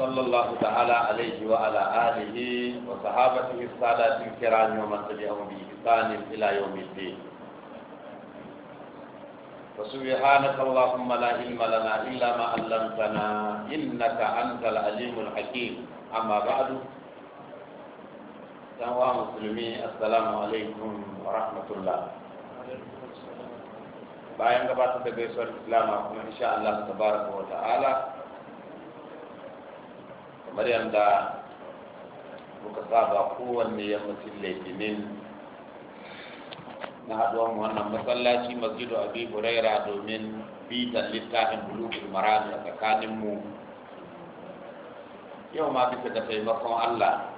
صلى الله تعالى عليه وعلى آله وصحابته السادات الكرام ومن تبعهم بإحسان إلى يوم الدين فسبحانك اللهم لا علم لنا إلا ما علمتنا إنك أنت العليم الحكيم أما بعد سوا مسلمين السلام عليكم ورحمة الله bayan gabatar da gaisuwar islam kuma insha Allah tabaraka wa ta'ala Maryam da muka saba kowanne yammacin laifinin na haɗuwan wannan masallaci masjidu abi huraira domin bitan littafin bulukul marami a tsakaninmu yau ma bisa da taimakon allah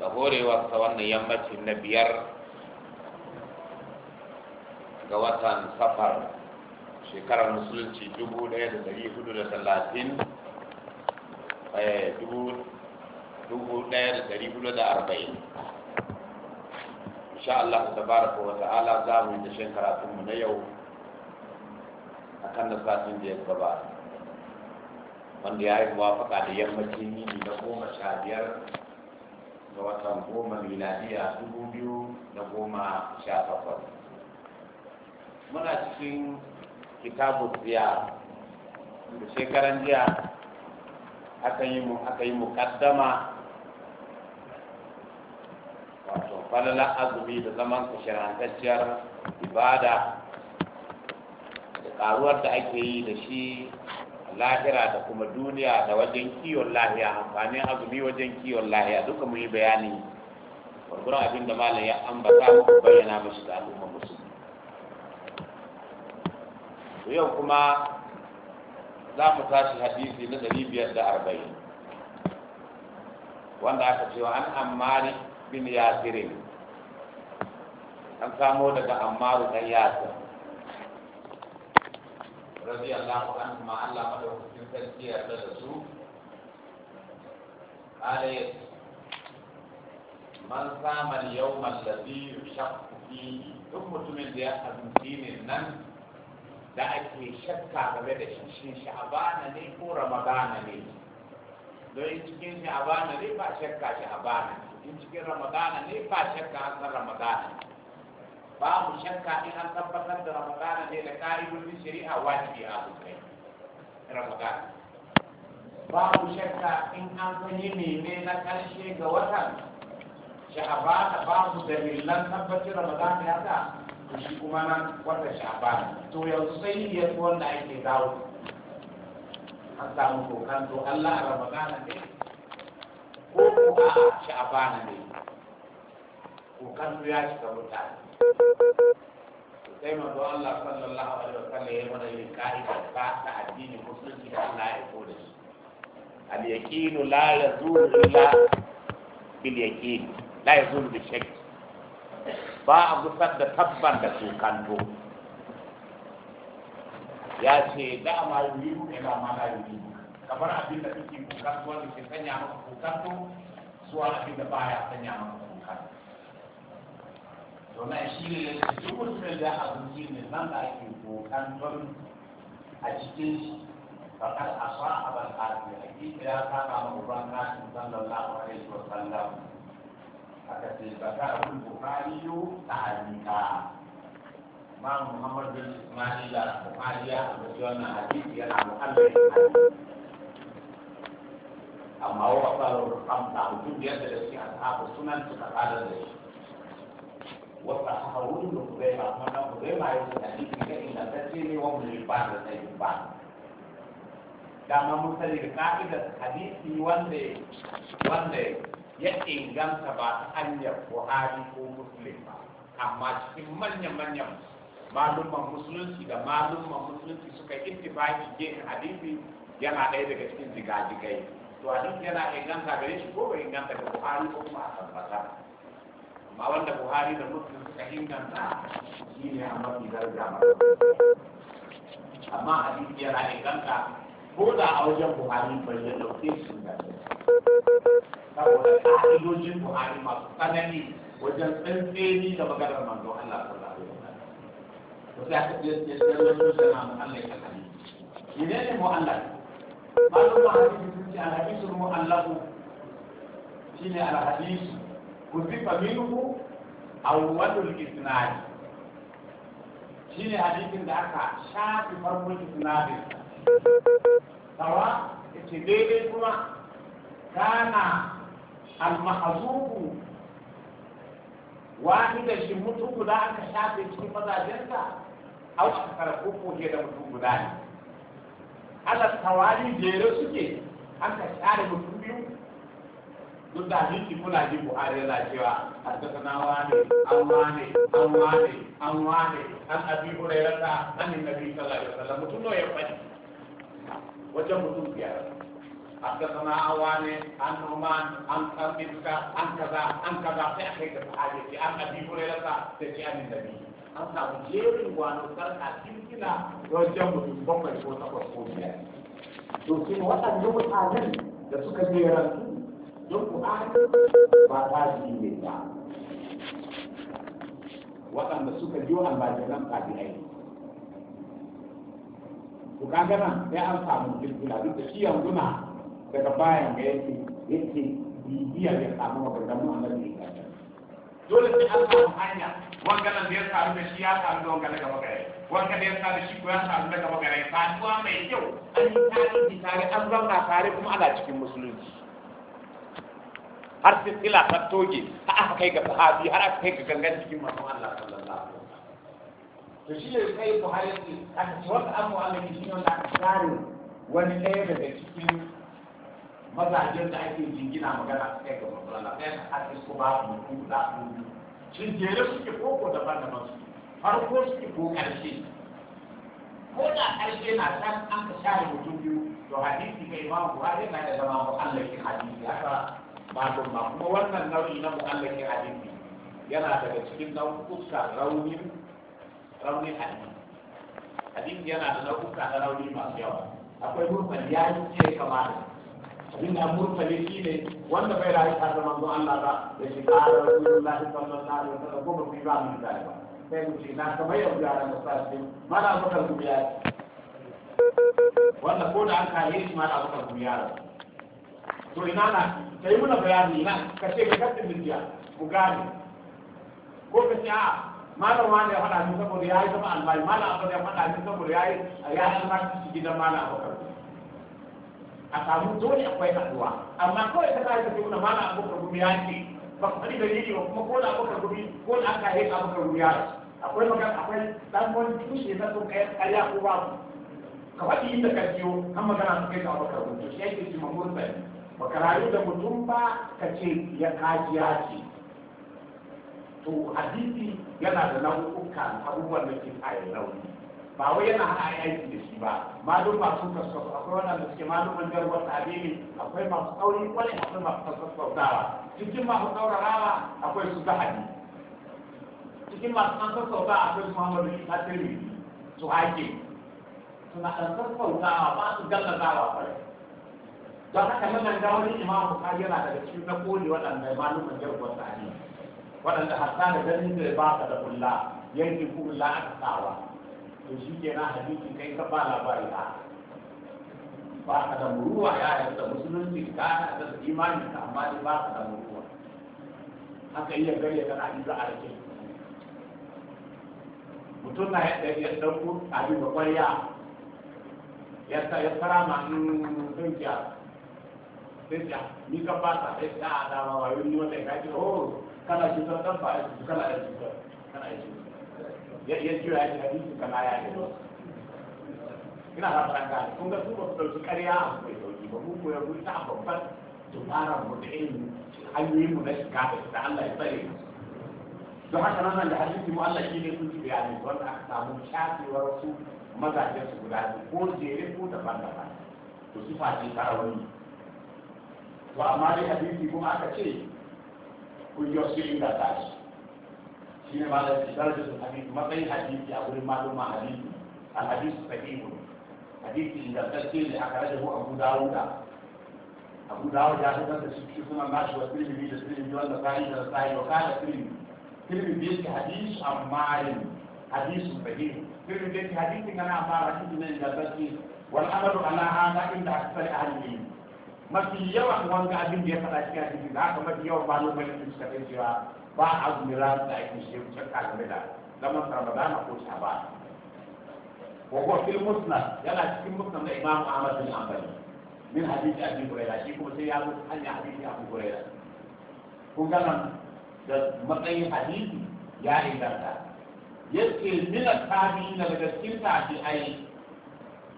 da ta wannan yammacin na biyar ga watan safar shekarar musulunci 1430 eh, arba'in, insha Allah ta tabaraka wa ta'ala za mu yi dashen karatunmu na yau kan na satin da ya gaba wanda ya yi muwafaka da yammacin yini na goma sha biyar ga watan goma miladiya dubu biyu da goma sha takwas muna cikin kitabu ziyara da shekaran jiya aka yi mu aka yi mukaddama wato falala azumi da zaman kashirantacciyar ibada da karuwar da ake yi da shi lahira da kuma duniya da wajen kiwon lahiya amfanin azumi wajen kiwon lahiya duka mu yi bayani gwargwaron abin da malam ya ambata muku bayyana mashi da al'umma to yau kuma za mu tashi hadisi na ɗari biyar da arba'in wanda aka cewa an amari bin yasirin an samo daga ammaru ɗan yasir rabi Allah an kuma Allah madaukakin sarki ya da su قال man sama yau ladhi shakku fi duk mutumin da ya azumci ne nan da ake shakka game da shi shi sha'abana ne ko ramadana ne don cikin sha'abana ne ba shakka sha'abana ne in cikin ramadana ne ba shakka an san ramadana mu shakka in an tabbatar da ramadana ne da ƙa'idodin shari'a wajibi a kai ramadana ba mu shakka in an sanyi ne na karshe ga watan ba mu dalilan tabbacin ramadana ya ta to shi kuma nan wata sha'ban to yanzu sai ya wanda ake dawo an samu kokan to Allah a ramadana ne ko ko a sha'ban ne kokan ya shiga mutane sai manzo Allah sallallahu alaihi wa sallam ya mana yin ka'ida ta ta addini musulunci da Allah ya ko da shi al yaqinu la yazulu illa bil yaqin la yazulu bi shakk ba a gusar da tabbar da su kanto ya ce da a dama yi ne ba ma na yi kamar abin da kake kukan wanda ke sanya maka kukan to suwa abin da baya sanya maka kukan to na shi ne duk mutum da a zuci ne nan da ake kukan don a cikin shi a a sa فقد أصاب القاتل أكيد لا zan أبان ناس صلى الله عليه وسلم aka ce baka abin buhari yau ta alika ma muhammad bin ismaila buhari ya ambaci wannan hadisi yana muhallin amma wa faru hamsa mutum biyar da shi ashabu sunan suka kada da shi Wata sahabun da kuzai ba kuma nan kuzai ba yau da hadisi ga ingantacce ne wa mulki ba da sai ba dama mun sani da ka'idar hadisi wanda ya inganta ba ta hanyar buhari ko musulun ba amma cikin manya-manyan malumman musulunci da malumman musulunci suka ittifaki gefen hadisi yana ɗaya daga cikin jigajigai to hadisi yana inganta gare shi ko bai inganta da buhari ko kuma a tabbata amma wanda buhari da musulun suka inganta shi ne a mafi daraja amma hadisi yana inganta ko da a wajen buhari bayyana ya ɗauke shi saboda ƙa'idojin Buhari masu tsanani wajen tsantseni da maganar manzon Allah sallallahu alaihi wasallam. Wasu ya kaɗe ya tsere su sana Allah ya kalli. Mene ne mu Allah? Malum Buhari sun ce alhadisu mu Allah shi ne alhadisu. Kuzifa minhu awwalul isnadi. Shi ne hadisin da aka shafi farkon isnadin. Sawa ita daidai kuma kana al-mahzubu da shi mutum guda aka shafe cikin mazajensa au aka karɓo ko da mutum guda ne ala tawali jere suke an ka share mutum biyu duk da hadisi kuna ji buhari yana cewa haddathana wane an wane an wane an wane an abi hurairata an nabi sallallahu alaihi wasallam mutum ne ya faɗi wajen mutum biyar حدثنا عوان عن نعمان عن قرنبك عن كذا عن كذا في اخيك الحاجه عن ابي هريره تجي عن النبي an samu jerin gwano sarka kirkina wajen mutum bakwai ko takwas ko biyar to shi waɗannan mutanen da suka jeran don ku ba ta shi ne ba waɗanda suka biyo almajiran ɗabi'ai ku kaga nan sai da daga bayan ga yake yake bibiya ya samu mabardamu a nan ne dole sai an samu hanya wangalan da ya samu da shi ya samu da wangalan daga magare wanga da ya samu da shi ko ya samu daga magare saduwa mai kyau an yi tarihi tare an zauna tare kuma ana cikin musulunci har silsila ta toge har aka kai ga sahabi har aka kai ga gangan cikin manzon Allah sallallahu alaihi wasallam to shi ne sai Buhari ne aka ce wanda an mu'allaki shi ne wanda aka tsare wani ɗaya daga cikin mazajen da ake jingina magana su kai ga matsala sai na haɗe su ba su mutu da su shin jere suke koko da daban su farko ke ko ƙarshe ko da ƙarshe na can an ka share mutum biyu to hadisi kai ma buhari na da zama mu Allah mu'allakin hadisi haka ba don ba kuma wannan nau'i na mu Allah mu'allakin hadisi yana daga cikin nau'ukan raunin raunin hadisi hadisi yana da nau'ukan rauni masu yawa akwai gurbin yayin ce kamar. da abin da murtali shi ne wanda bai rayu tare da manzo Allah ba da shi ƙara rasulullahi sallallahu alaihi wasallam ko ba ku yi ba mun da ba sai mu ce na kamar yau da mana wanda ko da an kare shi mana to ina na muna bayani na ka ce ka ku gane ko ka ce ya faɗa saboda ya yi zama ya faɗa saboda ya yi a yi gidan a samu dole akwai haduwa amma kawai ta kare ta nuna mana abokan gumi ya ce ba ku sani dalili ba kuma ko da abokan gumi ko da an kare abokan gumi ya ce akwai magana akwai dan wani tushe na sun kai karya ko ba ka faɗi inda ka siyo an magana su kai ga abokan gumi shi yake ce mamun sai ba ka rayu da mutum ba ka ce ya kajiya ce to hadisi yana da nau'uka abubuwan da ke kayan nauyi ba wai yana haɗa aiki da shi ba maluma masu kaskasu akwai da suke maluman jarwar abini akwai masu tsauri kwale akwai masu kaskasautawa cikin masu tsaurarawa akwai su zahadi cikin masu kan sassauta akwai su muhammadu tiri su haike suna ɗan sassautawa ba su gallazawa kwarai don haka nan da wani imamu bukari yana daga cikin na koli waɗanda maluman jarwar abini waɗanda hasa da ganin da ba ka da kulla yankin kulla aka sawa to shi ke na hadisi kai ka ba labari a ba ka da muruwa ya yi da musulunci ka na da imani ka amma dai ba ka da muruwa haka iya gari ya kana in za a rike mutum na ya ɗauko abin da ƙwarya ya ya fara ma in dukiya sai ni ka ba ta sai ta wa yi ni wata ya kaji oh kana cutar ɗan ba ya cutar ya cutar kana ya cutar ya iya jira shi hadisin kama ya yi ina fatan gane kun ga su ba su ƙarya a kai ba mu mu ta dubara mu da ilimi hanyoyin mu na shiga da da Allah ya tsare don haka nan da hadisi mu Allah shi ne bayani wanda aka samu shafewar su mazajen su guda biyu ko jere ko daban-daban to su to amma dai hadisi kuma aka ce kun yi wasu inda tashi shi ne malam darajar su hadisi matsayin hadisi a wurin malum hadisi al hadisu sahihu hadisi ingantacce ne aka rage ko abu dawuda abu dawud ya fitar da shi cikin sunan nashi wa tirmidhi da tirmidhi wanda sa'i da sa'i wa kana tirmidhi tirmidhi yake hadisu amma yin hadisu sahihu tirmidhi yake hadisin kana amma hadisi ne ingantacce wal amalu ala hada inda aksari ahli ilmi mafi yawan wanga abin da ya ka cikin hadisi da haka mafi yawan malumai da suka kai cewa ba azumi ranar da ake shi wuce kalmi da zaman na ko shaba wa huwa fil musna yana cikin musna da imamu ahmad bin hanbali min hadisi abi hurairah shi kuma sai ya zo hanya hadisi abi hurairah kun ga nan da matsayin hadisi ya inganta yake min na daga cikin ai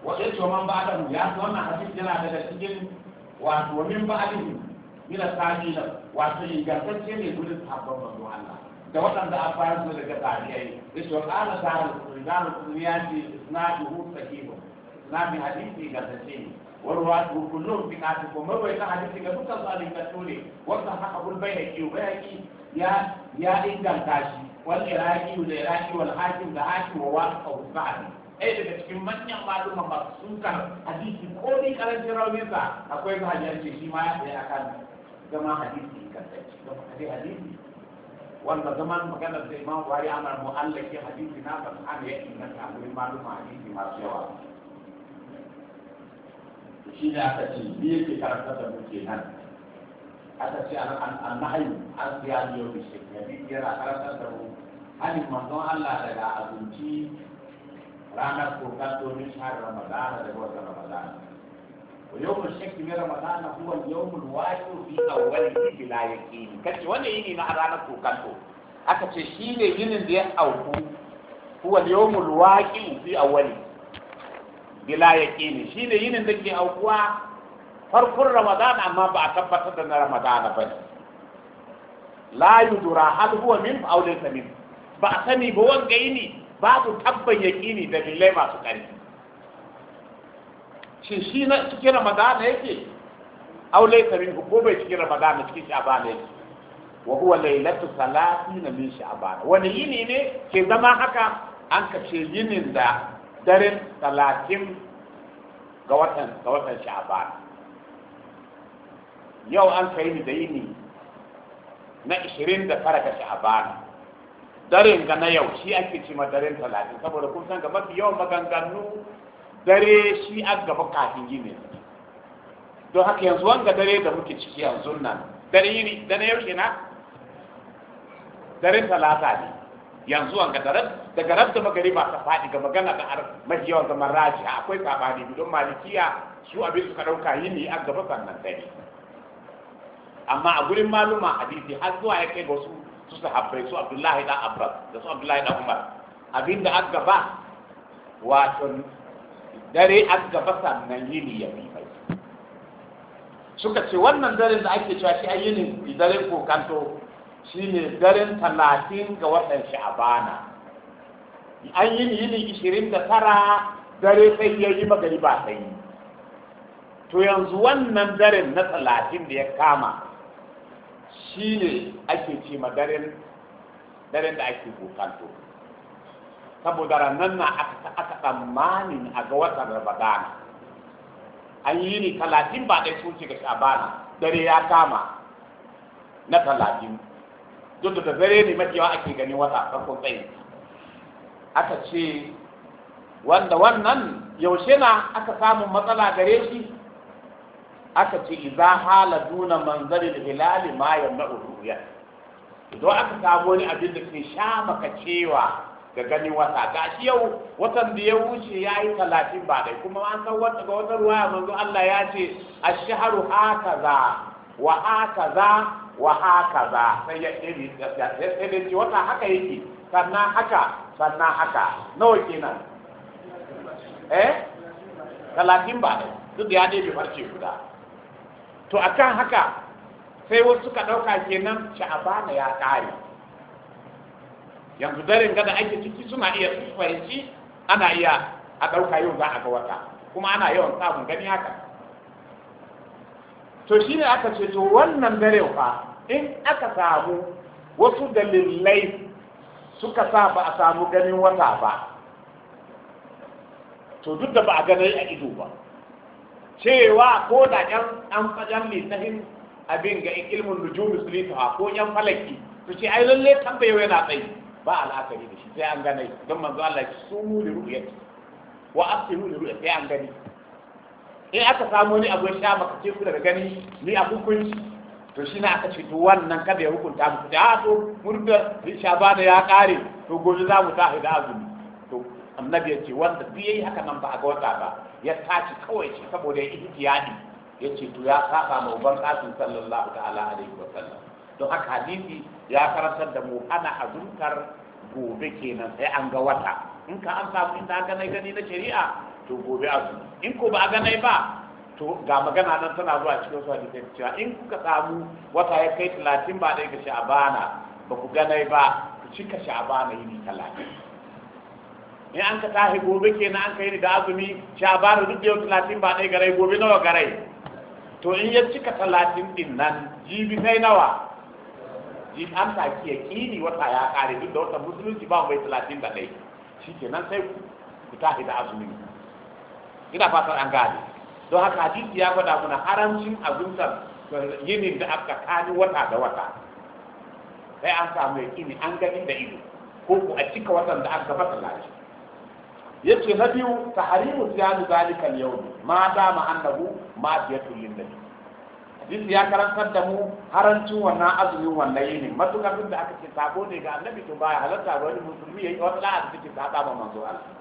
wa yake man ba'dahu ya wannan hadisi yana daga cikin wato min ba'dahu ila sami nan wato ingantacce ne gudun sabon manzo Allah da waɗanda a fara su daga da yace wa qala ce rijal dunyati isnaduhu na bi hadisi ingantacce ne warwatu kullum bi qatikum wai ta hadisi ga dukkan sahabbai ne wanda haka bul bayaki bayaki ya ya inganta shi wal iraqi da iraqi wal hakim da hakim wa waqahu ba'd ɗaya daga cikin manyan maluma masu sukar hadisi ko ni karancin rauninsa akwai ga hanyar ce shi ma ya tsaye akan zama hadisi kasance da hadisi hadisi wanda zaman maganar da imam wari ana mu'allaki hadisi na ban an ya inganta a wurin maluma hadisi masu yawa shi ne aka ce biyu ke karanta da muke nan aka ce an nahayu an siya biyo da shi nabi yana karanta da mu hannun manzon Allah daga abinci ranar kokar domin shahar ramadana da wata ramadana Waƴo mun shanke ne ramadana kowanne yawon mun waki biyu a wani biyu layi ya ƙi ni. Kanci wani yini na azanan kukanto. Aka ce shi ne yini da 'yan auku kowanne yawon mun waki biyu a wani biyu farkon ramadana amma ba a tabbatar da na ramadana ba ne. Layi, mudura, haɗu min fa aure sanin. Ba sani ba wanga yini babu ku tabban ya da min masu ɗaniki. shin shi na cikin ramadana yake aw laysa min ko bai cikin ramadana cikin sha'ban yake wa huwa laylatu 30 min sha'ban wani yini ne ke zama haka an kace yinin da daren 30 ga watan ga watan sha'ban yau an kai ni da yini na 29 ga sha'ban daren ga na yau shi ake ce ma daren 30 saboda kun san ga mafi yawan maganganu dare shi an gaba kafin yini don haka yanzu wanga dare da muke ciki yanzu nan dare yini na yaushe na dare talata ne yanzu wanga dare daga magari ba ta faɗi ga magana da har mafi yawan zaman rajiya akwai sabani don malikiya su abin suka ɗauka yini an gaba sannan dare amma a gurin maluma hadisi har zuwa ya kai ga su su sahabbai su abdullahi da abbas da su abdullahi da umar abinda aka gaba wato dare an gaba sannan yini ya bi mai suka ce wannan daren da ake cewa shi ayyinin daren kokanto shi ne daren talatin ga watan sha'abana an yi yini ishirin da tara dare sai ya yi magari ba sai to yanzu wannan daren na talatin da ya kama shi ne ake ce ma daren da ake kokanto saboda ranar na aka tsammanin a ga watan ramadana an yi ni talatin ba ɗaya sun shiga shabana dare ya kama na talatin duk da dare ne mafi yawa ake gani wata farkon tsaye aka ce wanda wannan yaushe na aka samun matsala gare shi aka ce iza hala duna manzarin hilali ma yamna uluya idan aka samu wani abin da ke sha maka cewa ga gani wata ga shi yau watan da ya wuce ya yi talatin ba dai kuma an san wata ga wata ruwa manzo Allah ya ce a shaharu haka za wa haka za wa haka za sai ya sai da ce wata haka yake sannan haka sannan haka nawa kenan eh talatin ba dai duk ya ɗebe farce guda to akan haka sai wasu ka dauka kenan sha'abana ya kare yanzu daren gada ake ciki suna iya fahimci ana iya a ɗauka yau za a ga wata kuma ana yawan samun gani haka to shi ne aka ce to wannan dare fa in aka samu wasu dalilai suka sa ba a samu ganin wata ba to duk da ba a gani a ido ba cewa ko da yan an fajan abin ga ilmin nujumi musulmi ko yan falaki to ce ai lalle tambayewa yana tsayi ba al'akari da shi sai an gane don manzo Allah ya mu li ru'yati wa absiru li ru'yati sai an gani in aka samu ni abu sha maka ce ku daga gani ni a hukunci to shi na aka ce to wannan kada ya hukunta mu da to murda sha da ya kare to gobe za mu ta da azumi to annabi ya ce wanda bi yayi haka nan ba a ga wata ba ya tashi kawai shi saboda ya ihtiyadi ya ce to ya saba ma uban kasin sallallahu ta'ala alaihi wa sallam don haka hadisi ya karantar da mu ana azumtar gobe kenan sai an ga wata in ka an samu inda aka nai gani na shari'a to gobe azumi in ko ba a ganai ba to ga magana nan tana zuwa cikin wasu hadisai cewa in kuka samu wata ya kai talatin ba ɗaya ga sha'abana ba ku ganai ba ku cika sha'abana yini talatin in an ka tahi gobe kenan an kai ni da azumi sha'abana duk yau talatin ba ɗaya garai gobe nawa garai to in ya cika talatin ɗin nan jibi sai nawa ji an ta ki yakini wata ya kare duk da wata musulunci ba mai ke nan sai ku tafi da azumi ina fatar an gane don haka hadisi ya gwada kuna haramcin azumtar yini da aka kani wata da wata sai an samu yakini an gani da ido ko ku a cika watan da aka fasa lashi yace na biyu tahrimu ziyanu zalika al-yawm ma dama annahu ma biyatul lin nabi hadisi ya karantar da mu harancin wannan azumin wannan yini matukar duk da aka ce sabo ne ga annabi to baya halatta ga wani musulmi yi wata la'a da take saba ma manzo Allah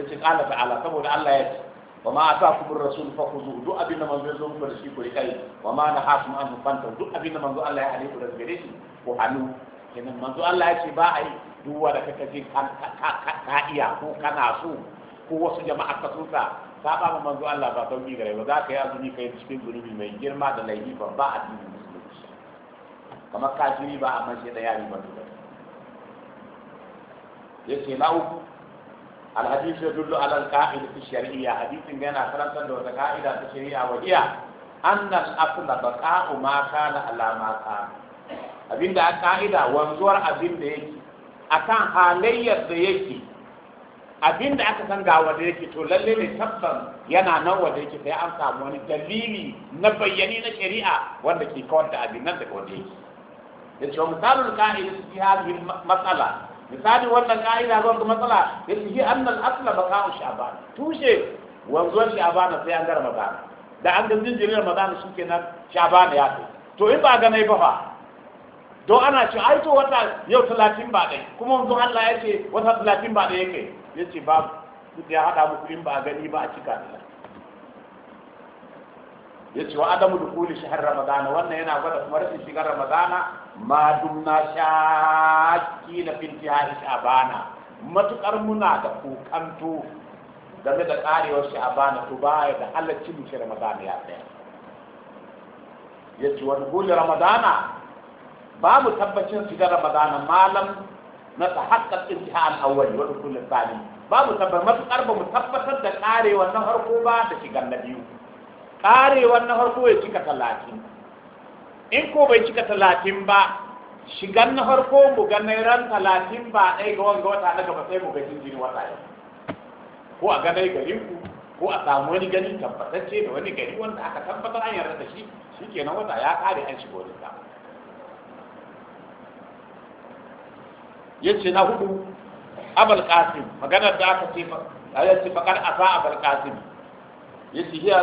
yace qala ta'ala saboda Allah ya ce wa ma atakum ar-rasul fakhuzu duk abin da manzo zo ku da shi ku rikai wa ma nahakum an fanta du abin da manzo Allah ya hade ku da gare shi ku hannu kenan manzo Allah ya ce ba a yi duk wanda kake ji ka iya ko kana so ko wasu jama'a ka so ba ma manzo Allah ba sauki gare ba za ka yi azumi kai cikin zunubi mai girma da laifi ba ba a cikin musulunci kamar kafiri ba amma shi da yari manzo ba yace na uku الحديث يدل على القاعدة الشرعية حديث بين أفراد دون القاعدة الشرعية وهي أن الأصل بقاء ما كان على ما كان abinda a ka'ida wanzuwar abin da yake akan halayyar da yake Abin da aka san ga wanda yake to lalle ne tabban yana nan wanda yake sai an samu wani dalili na bayyani na shari'a wanda ke kawar da abin nan daga wanda yake yace misalul qa'id fi hadhihi matsala misali wannan qa'ida ga wannan matsala yace hi anna al-asla baqa'u sha'ban tushe wanzuwar sha'ban sai an gara magana da an ga jinjirin magana shikenan sha'ban ya to to in ba ganai ba fa don ana ce ai to wata yau talatin ba ɗai kuma wanzu Allah ya ce wata talatin ba ɗai yake ya ce babu duk ya hada muku in ba a gani ba a cika da ya ce wa adamu da kuli shahar ramadana wannan yana gwada kuma rashin shigar ramadana ma dumna shaki na finti hari bana. matukar muna da kokanto game da karewar bana, to baya da halacci mu ramadana ya tsaya ya ce wani kuli ramadana Ba mu tabbacin shigar ramadana malam na tahaqqaq intihal awwali wa dukul thani babu tabbar matukar ba mu tabbatar da karewa na harko ba da shigar na biyu karewa na harko ya cika talatin in ko bai cika talatin ba shigar na farko mu ga ran talatin ba ɗaya ga wanga wata na gaba sai mu ga jinjin wata yau ko a ganai gari ku ko a samu wani gani tabbatacce da wani gari wanda aka tabbatar an yarda da shi shi kenan wata ya ƙare an shigo da yace na hudu abul qasim maganar da aka ce ya ce faqad asa abul qasim yace hiya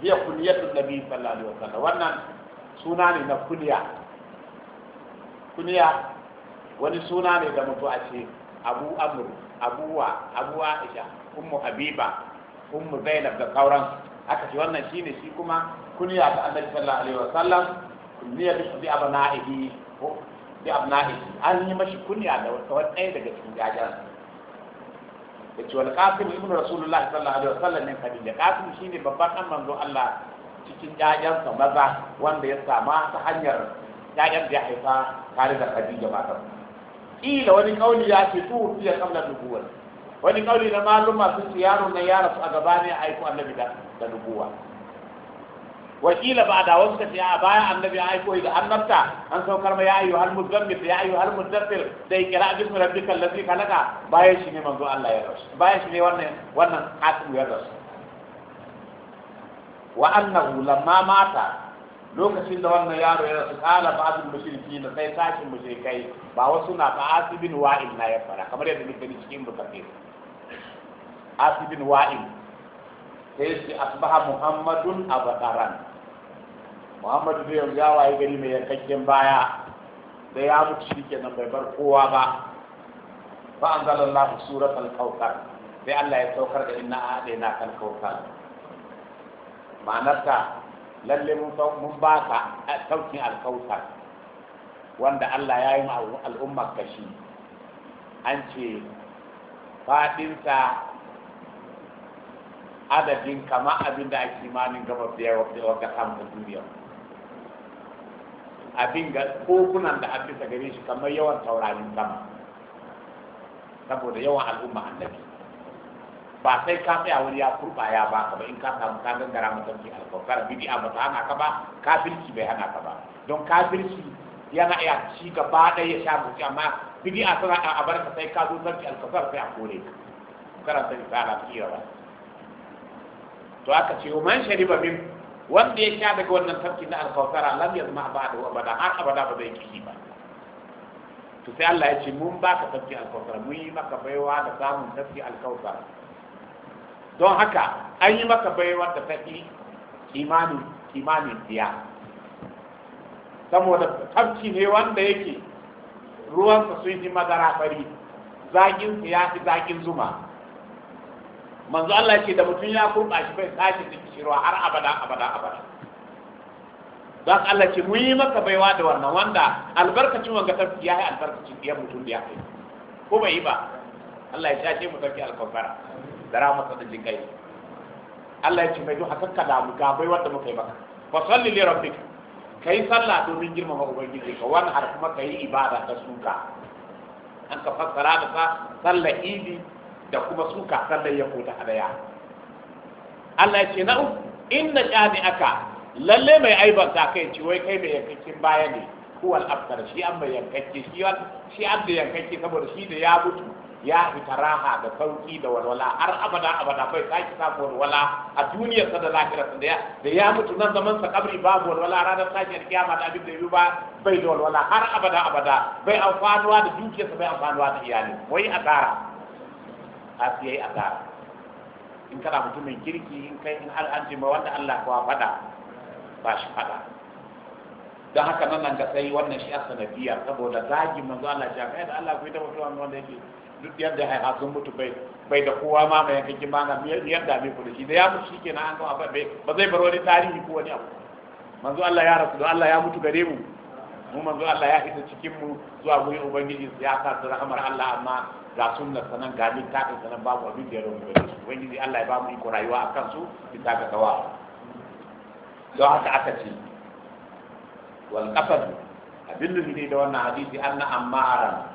hiya kunyatun nabi sallallahu alaihi wasallam wannan suna ne na kunya kunya wani suna ne da mutu a ce abu amr abuwa abu aisha ummu habiba ummu zainab da kauran aka ce wannan shine shi kuma kunya ga annabi sallallahu alaihi wasallam kunya bi abana'ihi bi abnahi an yi mashi kunya da wata ɗaya daga cikin gajaran da ce wal qasim ibnu rasulullahi sallallahu alaihi wasallam ne khadija shi ne babban dan manzo Allah cikin ƴaƴansa maza wanda ya sama ta hanyar ƴaƴan da ya haifa tare da khadija matar ila wani kauli ya ce tu fiya kamla dubuwa. wani kauli na malumma sun ce yaro na ya rasu a gaba ne a aiko annabi da nubuwa wakila ba da wasu kace a bayan annabi ya aiko ga annabta an saukar ma ya ayu hal muzammil ya ayu hal mudaffir dai kira bi rabbikal ladzi khalaqa bayan shi ne manzo Allah ya rasu bayan shi ne wannan wannan hakim ya rasu wa annahu lamma mata lokacin da wannan yaro ya rasu kala ba'dul mushrikin sai sashin mushrikai ba wasu na ba asibin wa'il na ya fara kamar yadda muke cikin bukatun asibin wa'il sai shi asbaha muhammadun abadaran muhammadu da yanzu ya wayi gari mai yankakken baya da ya mutu shi kenan bai bar kowa ba fa anzalallahu surat al sai Allah ya saukar da inna a'dina na kawthar ma'anarta lalle mun baka, ba ka saukin wanda Allah ya yi al'ummar kashi an ce fadinsa adadin kama abin da ake imanin gaba da yawa da duniya abin ga kokunan da an bisa gare shi kamar yawan taurarin sama saboda yawan al'umma annabi ba sai ka tsaya wani ya ya ba ka ba in ka samu ka gangara mutunci alkawkar bid'a ba ta hana ka ba kafirci bai hana ka ba don kafirci yana iya ci gaba ɗaya ya sha mutunci amma bid'a tana a bar ka sai ka zo zarki alkawkar sai a kore ka karanta na tsira ba to aka ce man shariba min wanda ya sha daga wannan tafki na alkawtara lam yazma ba'da da har abada ba zai kishi ba to sai Allah ya ce mun ba ka tafki alkawtara mun yi maka baiwa da samun tafki alkawtara don haka an yi maka baiwa da tafi kimanin kimanin biya saboda tafki ne wanda yake ruwansa sun yi madara bari zakin ya fi zakin zuma manzo Allah ya ce da mutum ya kurɓa shi bai sake kirwa har abada abada abada don Allah ce mun yi maka baiwa da wannan wanda albarkacin wanga ta ya yi albarkacin ya mutum da ya kai ko bai yi ba Allah ya tashi mu tafi alkafara da rahmat da jinkai Allah ya ce mai duka kakka da mu ga baiwa da muka yi maka fa salli li ka kai sallah domin girmama ubangiji ka wannan har kuma kai ibada ta suka an ka fassara da sa sallar idi da kuma suka sallar yako ta daya Allah ya ce na uku inna shani aka lalle mai aibanta kai ce wai kai mai yankakken baya ne kuwal aftar shi an mai yankakke shi an da yankakke saboda shi da ya mutu ya fita raha da sauki da walwala har abada abada bai sake samu walwala a duniyar sa da lafiyar sa da ya mutu nan zaman sa kabri babu walwala ranar sake kiyama da abin da yi ba bai da walwala har abada abada bai amfanuwa da dukiyar sa bai amfanuwa da iyali wai asara asiyai asara in kana mutumin kirki in kai in har an ce wanda Allah kuwa fada ba shi fada don haka nan nan ga sai wannan shi a biya saboda zagin manzo Allah ya kai da Allah ku ita mutuwa wanda yake duk yadda ya sun mutu bai bai da kowa ma mai kake ma na miyar da ku da shi da ya mutu shikenan an gama bai ba zai bar wani tarihi ko wani abu manzo Allah ya rasu Allah ya mutu gare mu mu manzo Allah ya isa cikin mu zuwa gurin ubangiji ya sa da rahmar Allah amma ga sunna sanan ga ta sanan babu abin da ya rauni gare su ne Allah ya ba mu iko rayuwa a kansu ta ga tawa don haka aka ce wal qasad abin da ne da wannan hadisi anna ammar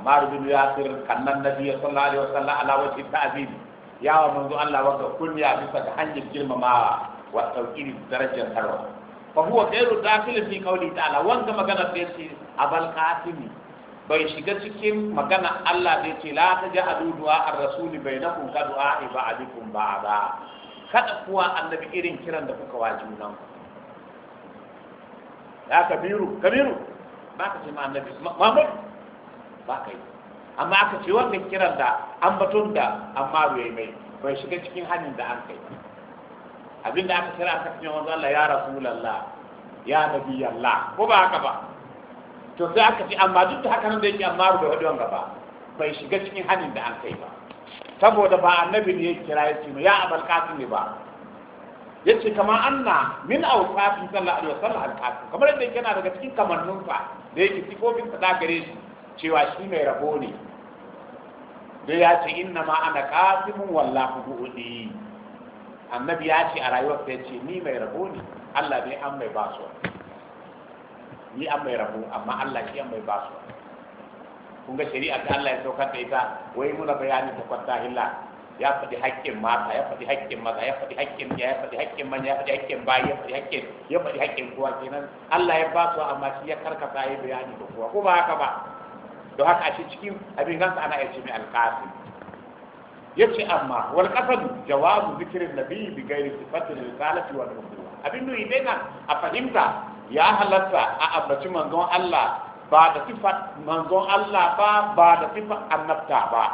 ammar bin yasir kannan nabi sallallahu alaihi wasallam ala wajhi ta'zim ya wa manzo Allah wa kunya bisa ga hanyar girmamawa wa tawqiri darajar harwa fa huwa ghairu dakhil fi qawli ta'ala wanda magana sai abal qasimi bai shiga cikin magana Allah da ce la ta ja adu du'a ar-rasul bainakum ka du'a ibadikum ba'da kada kuwa annabi irin kiran da kuka wa junan ya kabiru kabiru ba ka ce ma annabi ma ba ka yi amma aka ce wannan kiran da an batun da amma bai mai bai shiga cikin hannun da an kai abinda aka kira aka ce manzo Allah ya rasulullah ya nabi ko ba haka ba to sai aka ce amma duk da haka nan da yake amma da wadon gaba bai shiga cikin hanin da an kai ba saboda ba annabi ne ya kira ya ce ya abal qasim ne ba yace kama anna min awqatin sallallahu alaihi wasallam al-qasim kamar yadda yake na daga cikin kamannin fa, da yake sifofin sa da gare shi cewa shi mai rabo ne da ya ce inna ma ana qasimun wallahu bu'udi annabi ya ce a rayuwarsa ya ce ni mai rabo ne Allah ne an mai su ni an mai rabu amma Allah shi an mai basu kun ga shari'a ta Allah ya saukar da ita wai muna bayani ta kwanta hilla ya faɗi haƙƙin mata ya faɗi haƙƙin maza ya faɗi haƙƙin ya faɗi haƙƙin manya ya faɗi haƙƙin bayi ya faɗi haƙƙin ya faɗi haƙƙin kowa kenan Allah ya ba su amma shi ya karkata yi bayani da kowa ko ba haka ba don haka a cikin abin gansa ana yace mai alƙasim ya ce amma wal qasad jawabu zikrin nabi bi ghairi sifatin risalati wal nubuwa abin da idan a fahimta ya halatta a ambaci manzon Allah ba da sifa manzon Allah ba ba da sifa annabta ba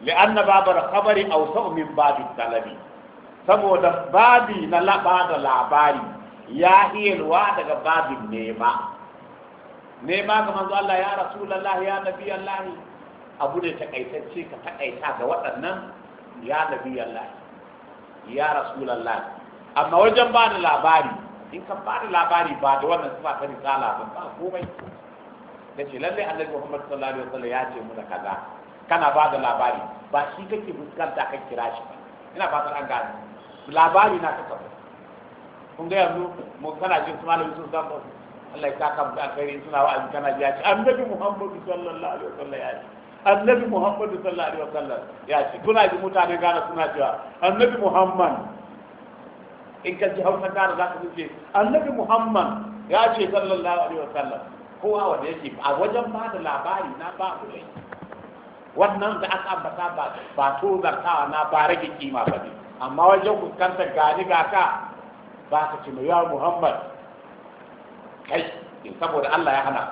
li'anna babar khabari awsa'u min babin talabi saboda babi na ba da labari ya hiyarwa daga babin nema nema ga manzon Allah ya rasulullah ya nabi Allah abu ne takaitacce ka takaita ga waɗannan ya nabi Allah ya rasulullah amma wajen ba da labari in ka ba da labari ba da wannan sifa ta risala ban ba komai da ce lallai annabi Muhammad sallallahu alaihi wasallam ya ce da kaza kana ba da labari ba shi kake fuskanta ka kira shi ba ina ba an gane labari na ka tabbata kun ga yanzu mu kana jin su malamin sun zamba Allah ya saka mu alkhairi suna wa'azi kana ji ya ce annabi Muhammad sallallahu alaihi wasallam ya ce annabi Muhammad sallallahu alaihi wasallam ya ce kuna ji mutane gana suna cewa annabi Muhammad in ka ji hausa kana za ka ce annabi muhammad ya ce sallallahu alaihi wasallam kowa wanda yake a wajen ba da labari na ba ku ne wannan da aka ambata ba ba to zartawa na ba rage kima ba ne amma wajen fuskantar gani ga ka ba ka ce mai muhammad kai saboda allah ya hana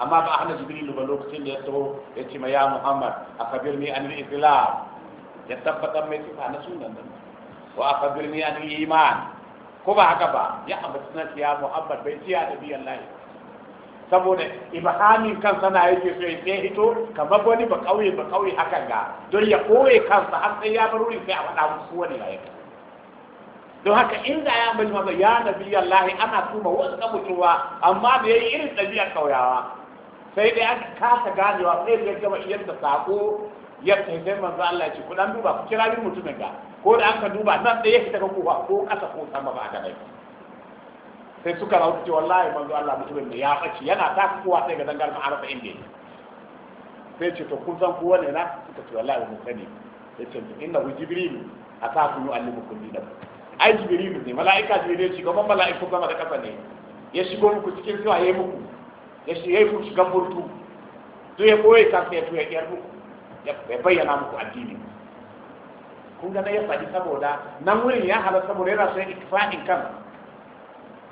amma ba a hana jibrilu ba lokacin da ya taho ya ce mai muhammad a kabir ne an islam ya tabbatar mai sifa na sunan nan wa birni an iman ko ba haka ba ya ambaci na Muhammad bai ci ya nabi Allah saboda ibhamin kansa na yake so ya hito kamar wani ba bakauye ba kauye hakan ga don ya koye kansa har sai ya bar wurin sai a faɗa musu wani ya don haka inda ya ambaci masa ya nabi Allah ana tuma wasu kabutuwa amma da yi irin ɗabi'ar kauyawa sai dai aka kasa ganewa sai da gama yadda sako ya sai sai manzo Allah ya ci ku dan duba ku kira bi mutumin ga ko da aka duba nan da yake daga kuwa ko kasa ko sama ba aka dai sai suka rawu ce wallahi manzo Allah mutumin da ya bace yana ta kuwa sai ga dangar ma arfa inde sai ce to kun san ko wane na suka ce wallahi mun sani sai ce inna hu jibril ataku yu'allimukum dinan ai jibril ne mala'ika jibril shi kuma mala'iku kuma da kafa ne ya shigo muku cikin zuwa muku ya shi yayi muku shigan burtu to ya koyi ta ya to ya muku ya bayyana muku addini kun ga na ya faɗi saboda nan wurin ya halar saboda yana sai ikfa'in kan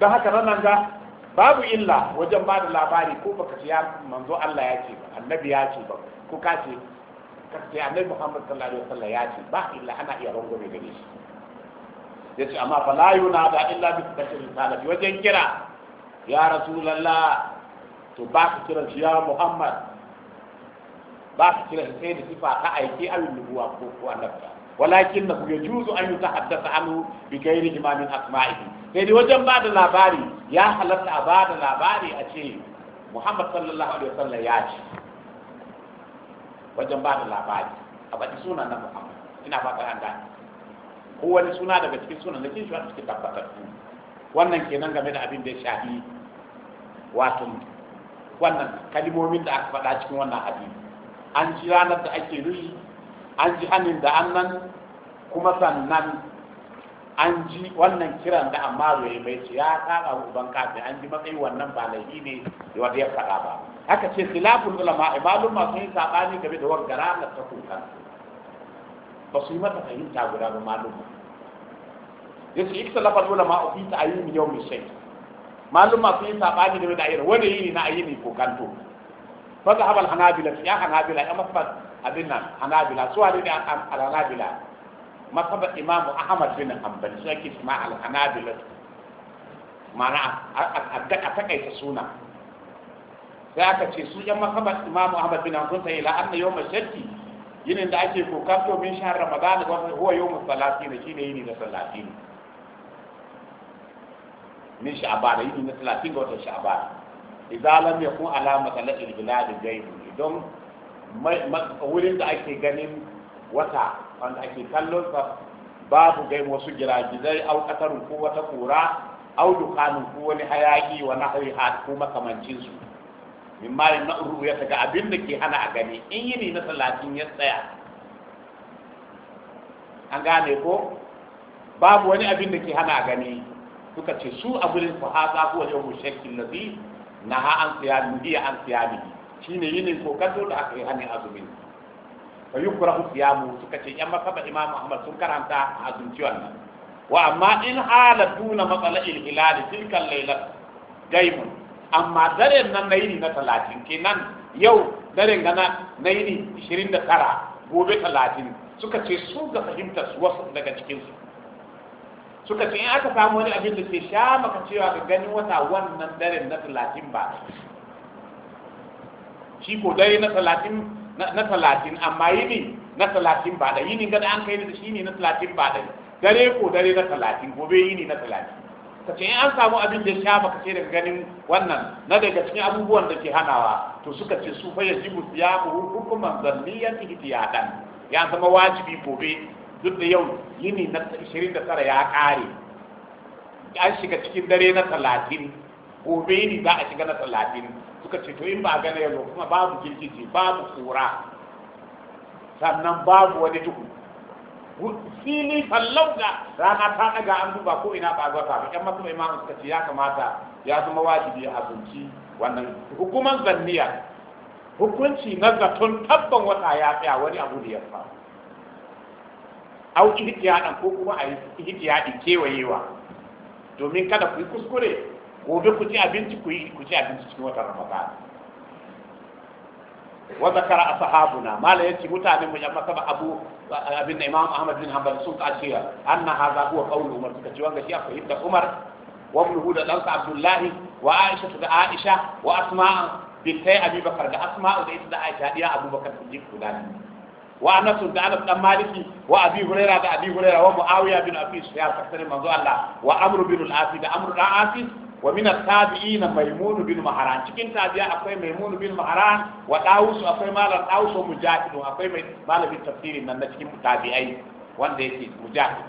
da haka nan ga babu illa wajen ba da labari ko baka ce ya manzo Allah ya ce ba annabi ya ce ba ko ka ce ka ce annabi Muhammad sallallahu alaihi wasallam ya ce ba illa ana iya rangwame gare shi yace amma fa la yunada illa bi tashri salat wajen kira ya rasulullah to ba ka kira shi ya Muhammad ba su kira sai da sifa ta aiki al-nubuwa ko ko annabta walakin na ya juzu an yi ta haddasa anu bi gairi imamin asma'i sai dai wajen ba da labari ya halatta a ba da labari a ce muhammad sallallahu alaihi wasallam ya ce wajen ba da labari a baki suna na muhammad ina fata an da ko wani suna daga cikin sunan da kin shi cikin tabbatar tabbatattu wannan kenan game da abin da ya shafi wato wannan kalimomin da aka faɗa cikin wannan hadisi an ji ranar da ake ruhi an ji hannun da annan kuma sannan an ji wannan kiran da amma zai mai ce ya tsara uban kafin an ji matsayi wannan ba laifi ne da wanda ya faɗa ba haka ce silafin ulama imalun masu yi saɓani game da wanga ranar ta kuka ba su yi mata fahimta guda ba ba ya ce ikta lafar ulama a fi ta ayyuni yau mai shai maluma sun yi saɓani game da ayyar wani yini na ayi ne ko kanto fa da habal hanabila ya hanabila ya masfat abin nan hanabila su wani ne al hanabila masaba imam ahmad bin hanbal su yake ma al hanabila ma'ana a takaita suna sai aka ce su yan masaba imam ahmad bin hanbal ta ila anna yawma shakki yinin da ake ko kokarto min shahar ramadan wa huwa yawmu salatin shine yini da salatin min sha'ban yini na 30 ga watan sha'ban idan lam yakun ala matalatil bilad gaibu idan wurin da ake ganin wata wanda ake kallon sa babu gai wasu giragizai au katarun ko wata kura au dukanun ko wani hayaki wa nahwi ha ko makamancin su min malin na uru ya taga abin da ke hana a gani in yi ne na talatin ya tsaya an gane ko babu wani abin da ke hana a gani suka ce su abin su haza ko yau shakkin nabi na ha an mu iya an ne shine ko kokato da aka yi hannun azumin fa yukrahu su suka ce yan masaba imam ahmad sun karanta a azumci wannan wa amma in hala tuna matsala hilal tilkal layla gaimun amma daren nan na yini na talatin kenan yau daren gana na yini 29 gobe talatin suka ce su ga fahimtar wasu daga su suka ce in aka samu wani abin da ke sha maka cewa ga ganin wata wannan daren na talatin ba shi ko dare na talatin na talatin amma ne na talatin ba da yi ne gada an kai da shi ne na talatin ba da dare ko dare na talatin gobe yi ne na talatin ka ce in an samu abin da sha maka ce daga ganin wannan na daga cikin abubuwan da ke hanawa to suka ce su fa yajibu siyamu hukuman zanniyan ihtiyadan ya zama wajibi gobe duk da yau yini na 29 ya kare an shiga cikin dare na 30 gobe yini za a shiga na 30 suka ce to in ba gane yau kuma babu girgije babu tsura sannan babu wani duhu fili fallau ga rana ta daga an duba ko ina ba gwata ba ƴan masu imamu suka ce ya kamata ya zama wajibi a zunci wannan hukuman zanniya hukunci na zaton tabban wata ya tsaya wani abu da ya au ɗan ko kuma a yi ihtiyadin kewayewa domin kada ku yi kuskure gobe ku ci abinci ku yi ku ci abinci cikin watan ramadan wa zakara ashabuna mala yace mutanen mu yamma saba abu abin imam ahmad bin hanbal sun an anna hadha huwa qawl umar suka ci wanga shi a fahimta umar wa ibn huda dan sa abdullah wa aisha da aisha wa asma sai abubakar da asma da ita da aisha diya abubakar siddiq guda ne wa anas da anas dan maliki wa abi huraira da abi huraira wa muawiya bin abi sufyan tafsirin manzo Allah wa amru bin al-as da amr dan as wa min at-tabi'in maymun bin mahran cikin tabi'a akwai maymun bin mahran wa dawus akwai malam dawus wa mujahid akwai mai malamin tafsirin nan da cikin tabi'ai wanda yake mujahid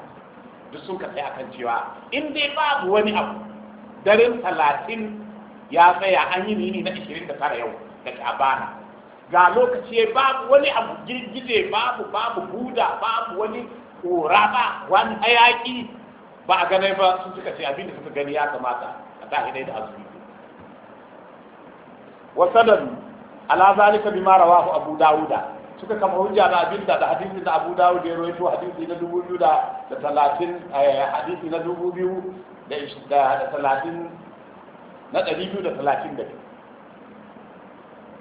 duk sun kasai akan cewa in dai babu wani abu daren talatin ya tsaya an yi ni na 29 yau da abana ga lokaci babu wani abu girgije babu babu buda babu wani kora ba wani hayaki ba a ganai ba sun suka ce abinda suka gani ya kamata a tahidai da azumi wasadan ala zalika bima rawahu abu dauda suka kama hujja da abin da hadisi da abu dawud ya rawaito hadisi na dubu biyu da talatin eh, hadisi na dubu biyu da talatin na ɗari biyu da talatin da biyu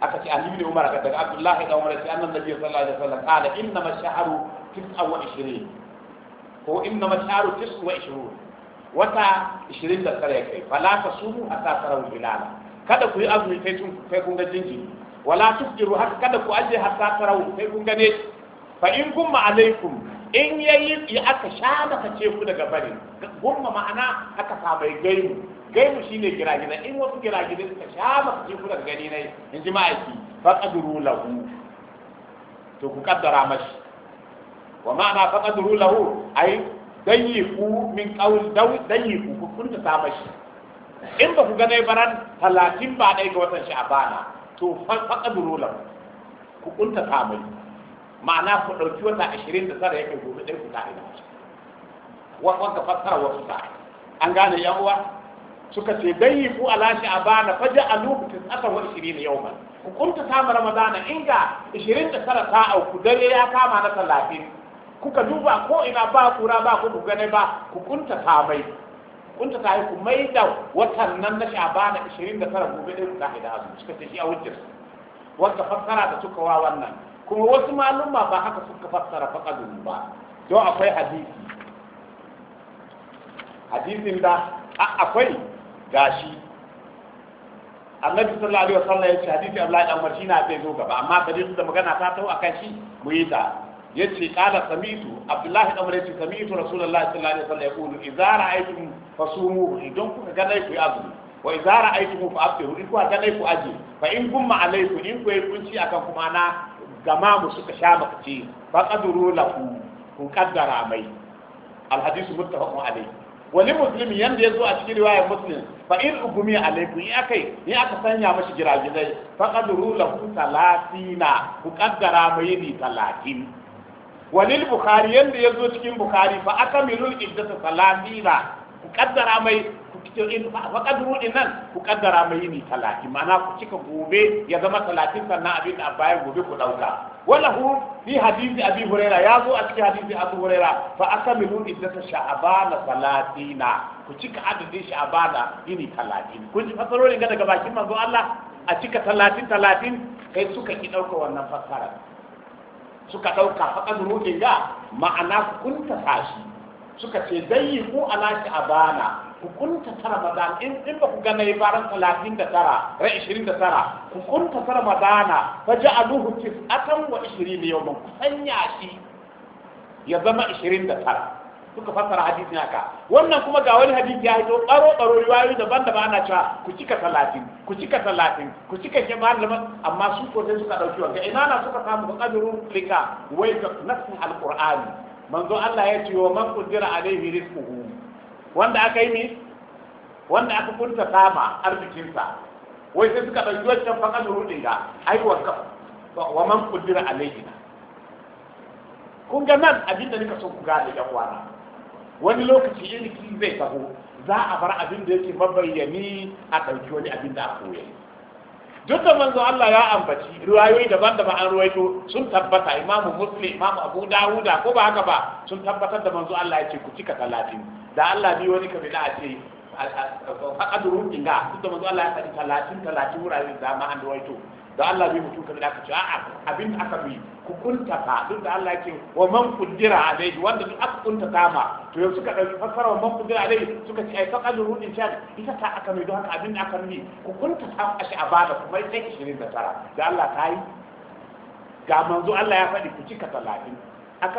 aka ce annabi Umar ka daga Abdullahi da Umar sai annabi sallallahu alaihi wasallam kana inna mashharu ishirin ko inna mashharu ishirin, wata 20 da kare kai fala tasumu hatta tarawu hilala kada ku yi azumi sai tun sai kun ga jinjiri wala tufjiru har kada ku aje hatta tarawu kai kun gane fa in gumma alaikum in yayi aka sha maka ce ku daga bari gumma ma'ana aka sabai gaimu gaibu shi ne giragizai in wasu giragizai suka sha masu jin kuka gani na in ji ma'aiki faƙaduru lahu to ku kaddara mashi wa ma'ana faƙaduru lahu ai ku min qawl dayyiku ku kun ta mashi in ba ku ga dai baran talatin ba dai ga watan sha'bana to faƙaduru lahu ku kun ta mai ma'ana ku ɗauki wata ashirin da tara yake gobe ɗaya ku ta'ina wa wanda fassara wasu ta an gane yan suka ce dai dayifu ala sha'bana faj'alu bi tis'ata wa 20 yawman ku kunta samu ramadana inga 29 ta auku ku dare ya kama na 30 kuka duba ko ina ba kura ba ku gane ba ku kunta ta mai kunta ta ku mai da watan nan na sha'bana 29 gobe dai ku ta da su suka ce shi a hujjar wanda fassara da suka wa wannan kuma wasu malumma ba haka suka fassara faqadun ba don akwai hadisi hadisin da akwai gashi annabi sallallahu alaihi wasallam ya ce hadisi Abdullahi dan Umar na bai zo gaba amma hadisi da magana ta tau akan shi mu yi ta yace qala samitu Abdullahi dan Umar samitu Rasulullahi sallallahu alaihi wasallam yaqulu idza ra'aytum fasumu idan kuka ga dai ku azumi wa idza ra'aytum fa aftiru in kuka ga dai ku aje fa in gumma alaikum in ku yi kunci akan kuma na gama mu suka sha makaci fa qadru lahu ku kaddara mai alhadisu muttafaqun alaihi wani musulmi yanda ya zo a cikin riwayar muslim fa in ugumi alaikum in akai in aka sanya mashi giragizai faqad rulahu talatina ku kaddara mai ni talatin walil bukhari yanda ya zo cikin bukhari fa akamilul iddat talatina ku kaddara mai ku in faqad rudi nan ku kaddara mai ni talatin ma'ana ku cika gobe ya zama talatin sannan abin da bayan gobe ku dauka وله في حديث أبي هريرة يازو أشكي حديث أبي هريرة فأكملوا إدة شعبان ثلاثين كتك عدد شعبان إني ثلاثين كنت فصلوا لنقا دقباشين منذ الله أشكي ثلاثين ثلاثين كي سكا كنوك ونفكرة سكا دوكا فقد روحي معناه كنت فاشي سكا تزيفوا على شعبانا ku kunta tara Ramadan in in ba ku ga nayi baran 39 ra 29 ku kunta tara Ramadan fa ja'aluhu tis'atan wa 20 yawman ku sanya shi ya zama 29 suka fassara hadisin haka wannan kuma ga wani hadisi ya hito karo karo riwayoyi daban-daban ana cewa ku cika 30 ku cika 30 ku cika ke lamar amma su ko sai suka dauki wanda ina na suka samu qadrun lika wai ga nasin alqur'ani manzo Allah ya ce wa man qadira alaihi rizquhu wanda aka yi mis wanda aka kunta sama arzikinsa wai sai suka ɗauki wancan azuru rudin ga ka wa man kudira laifina. kun ga nan abin da nika so ku gane yan wana wani lokaci iliki zai taho za a bar abin da yake mabayyani a ɗauki wani abin da a koya duk da manzo Allah ya ambaci ruwayoyi daban-daban an ruwaito sun tabbata imamu muslim imamu abu dawuda ko ba haka ba sun tabbatar da manzo Allah ya ce ku cika talatin da Allah bi wani kabila a ce adurun dinga duk da mazu Allah ya faɗi talatin talatin wurare da ma an dawaito da Allah bi mutum kabila ka ce a'a abin aka bi ku kunta ka duk da Allah yake wa man kudira alaihi wanda duk aka kunta ma to yau suka dauki fassara wa man kudira alaihi suka ce ai faɗa lurun din shan ita ta aka mai don haka abin da aka mi ku kunta ta a shi a bada kuma sai 29 da Allah ta yi ga manzo Allah ya faɗi ku cika talatin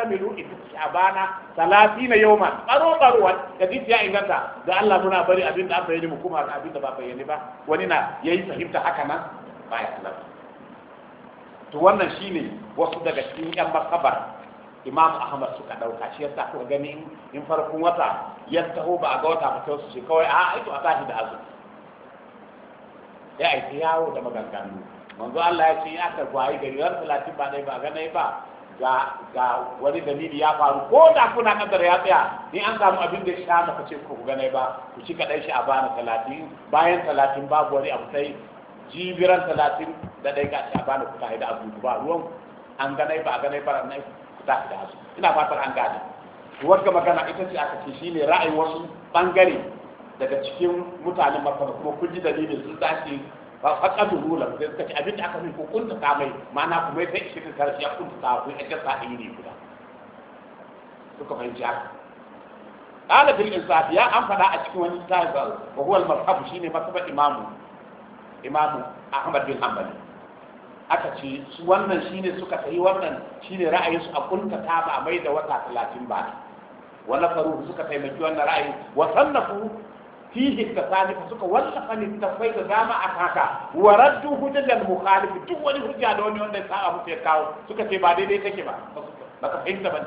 milu ita bana salati na yawma tsaro tsaro wani hadisi ya inganta da Allah suna bari abin da aka yi mu kuma abin da ba bayani ba wani na yayi fahimta haka nan ba ya halatta to wannan shine wasu daga cikin yan makabar imam ahmad suka dauka shi yasa kuka gani in farkon wata ya taho ba a ga wata ba ta wasu shi kawai a aito a tashi da azumi ya aiki yawo da maganganu manzo Allah ya ce ya ka gwayi gari ran talatin ba dai ba a ganai ba ga ga wani dalili ya faru ko da kuna kadar ya tsaya ni an samu abin da sha maka ce ku gane ba ku ci kaɗai shi a bana talatin bayan talatin babu wani abu sai jibiran talatin da dai ga shi a bana ku tafi da abu ba ruwan an ganai ba a ganai fara ranai ku tafi da abu ina fatar an gane wadda magana ita ce aka ce shine ra'ayin wasu bangare daga cikin mutanen makka kuma kun ji dalilin sun tashi fa faqatu lula sai suka ce abin da aka min ko kunta ta mai ma'ana kuma sai shi ta shi ya kunta ta ku ita ta yi ne guda suka fahimci haka qala bil insaf ya an fada a cikin wani tsari ba wa huwa al mazhab shine mazhab imamu imamu ahmad bin hanbali aka ce su wannan shine suka sayi wannan shine ra'ayin su a kunta ta ba mai da wata 30 ba wala faru suka taimaki wannan ra'ayi wa sannafu fihi tasanifa suka wallafa littafai da dama a kaka wa raddu hujjal mukhalif duk wani hujja da wani wanda sa abu sai kawo suka ce ba daidai take ba baka fahimta ba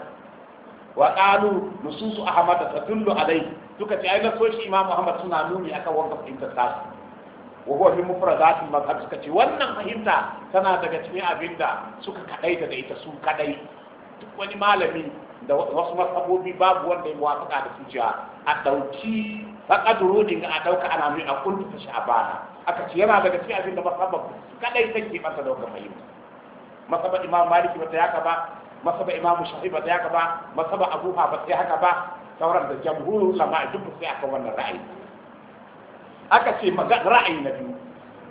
wa qalu nususu ahmad tadullu alai suka ce ai na so shi imam ahmad suna nuni akan wanda fahimta ta wa huwa fi mufradatil madhhab suka ce wannan fahimta tana daga cikin abinda suka kadai da ita su kadai duk wani malami da wasu masabobi babu wanda ya muwafaka da su cewa a dauki faqad rudin a ɗauka ana mai a kuntu ta shabana aka ce yana daga cikin abin da masabab kadai take masa dauka mai masaba imam maliki ta yaka ba masaba imam shafi ba ta yaka ba masaba Abuha ba ta haka ba sauran da lama a duk sai aka wannan ra'ayi aka ce ra'ayi na biyu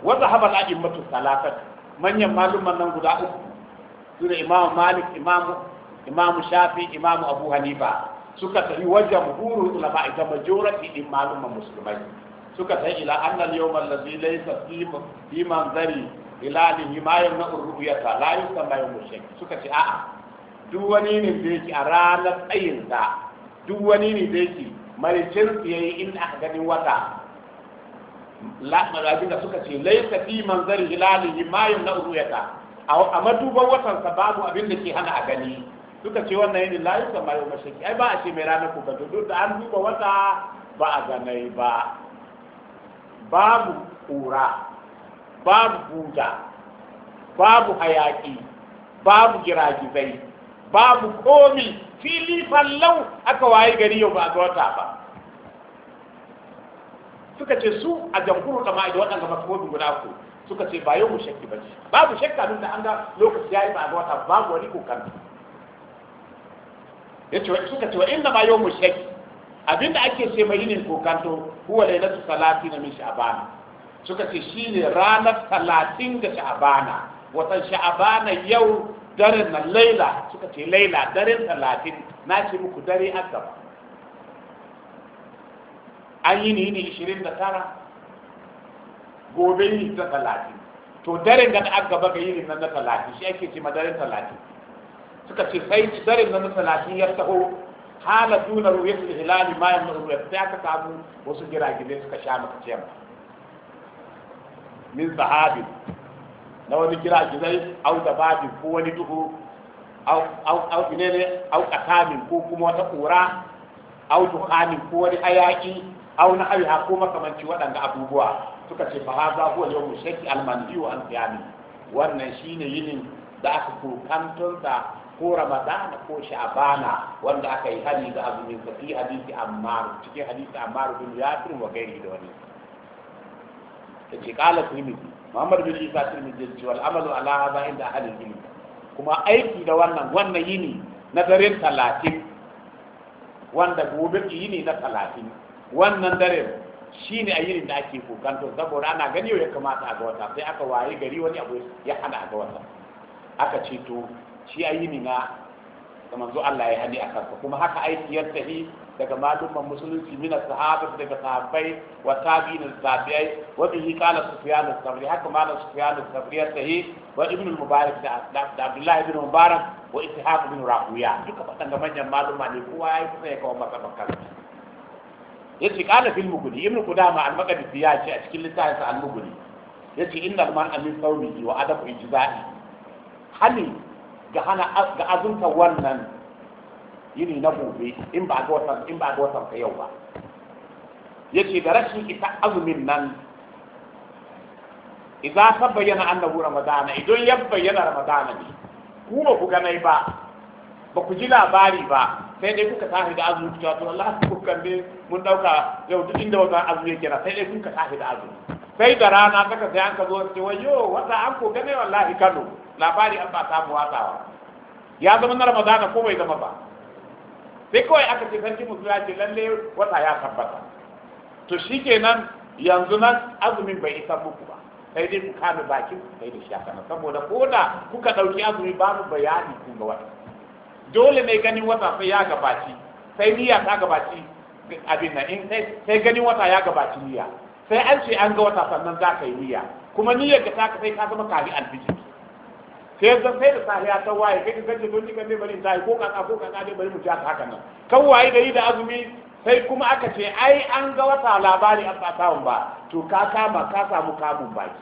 wanda haɓa al-a'immatu salafat manyan maluman nan guda uku da imam malik imam imam shafi imam abu hanifa suka tafi wajen buru ba ita majority din malumman musulmai suka tafi ila annal yawm allazi laysa fi manzari ila li himayun na uruyata la yusamma yawm shak suka ce a'a duk wani ne da yake a ranar tsayin da duk wani ne da yake maricin yayi in aka ganin wata abinda suka ce laysa fi manzari ila li himayun na uruyata a matuban watan sababu abin da ke hana a gani suka ce wannan yini layu yusa mai mashaki ai ba a ce mai ranar ga duk da an duba wata ba a ganai ba babu kura babu buda babu hayaki babu giragizai babu komi fili fallau aka waye gari yau ba a ga wata ba suka ce su a jamhuru da da waɗanda masu guda ku suka ce ba yau mu shakki ba ce babu shakka nuna da an ga lokaci ya yi ba a ga wata babu wani kokarta suka ce wa inna ma yau mushek abinda ake ce mai yinin kokanto huwa su salati na min sha'abana suka ce ne ranar talatin ga sha'abana watan sha'abana yau daren na laila suka ce laila daren talatin na ce muku dare a gaba an yi ni ni ishirin da tara gobe ni ta talatin to daren da aka gaba ga yini nan na talatin shi ake ce ma daren talatin suka ce sai daren nan talatin ya taho hala duna su hilali ma yamma ruwayat sai aka samu wasu giragizai suka sha maka ciyar min zahabin na wani giragizai au dababin ko wani duhu au ne au katamin ko kuma wata kura au dukhanin ko wani hayaki au na hawi ko makamanci waɗanda abubuwa suka ce fa haza huwa yawmu shakki almandi wa alqiyami wannan shine yinin da aka kokantar da ko ramadana ko Shaabana wanda aka yi hali ga azumin sa fi hadisi ammar cikin hadisi ammar bin yasir wa gairi da wani ce kala tirmidhi muhammad bin isa ce, wal amalu ala ba inda halin ilmi kuma aiki da wannan wannan yini na daren talatin wanda gobe yini na talatin wannan daren shi ne a yini da ake kokanto saboda ana gani ya kamata a ga wata sai aka waye gari wani abu ya hana a ga wata aka ce to shi yi nina da manzo Allah ya hadi akan kuma haka aiki ya tafi daga malumman musulunci min sahaba daga sahabbai wa tabi'in tabi'ai wa bihi qala sufyan as-sabri haka malam sufyan as-sabri ya tafi wa ibn al-mubarak da abdullah ibn mubarak wa ishaq ibn rahuya duka ga manyan malumma ne kowa ya kusa ya kawo masa bakar yace qala fil mughni ibn qudama al-maqdisi ya ce a cikin littafin sa al-mughni yace inna man amin sawmi wa adabu ijza'i hali ga azunta ga wannan yini na gobe in ba ga watan in ba ga watan ka yau ba yace da rashin ita azumin nan idan ta bayyana annabu ramadana idan ya bayyana ramadana ne ku ba ku ganai ba ba ku ji labari ba sai dai kuka tafi da azumi cewa to Allah ku kalle mun dauka yau duk inda wannan azumi yake na sai dai kuka tafi da azumi sai da rana saka sai an ka zo ce wayo wata an ko ganai wallahi Kano labari an ba samu watsawa ya zama na ramadana ko bai zama ba sai kawai aka ce sarki musu ya ce lalle wata ya tabbata to shikenan yanzu nan azumin bai isa muku ba sai dai ku kame bakin ku sai da shi shakana saboda ko da kuka ɗauki azumi babu bayani ku ga wata dole ne ganin wata sai ya gabaci sai niyya ta gabaci abin nan in sai ganin wata ya gabaci niyya sai an ce an ga wata sannan za ka yi niyya kuma niyyar ka ta kai ka zama kari alfijir sai zan sai da safiya ta waye kai ka gaje don kika ne bari ta ko kaka ko kaka ne bari mu ta haka nan kan waye yi da azumi sai kuma aka ce ai an ga wata labari an tsatawun ba to ka kama ka samu kamun baki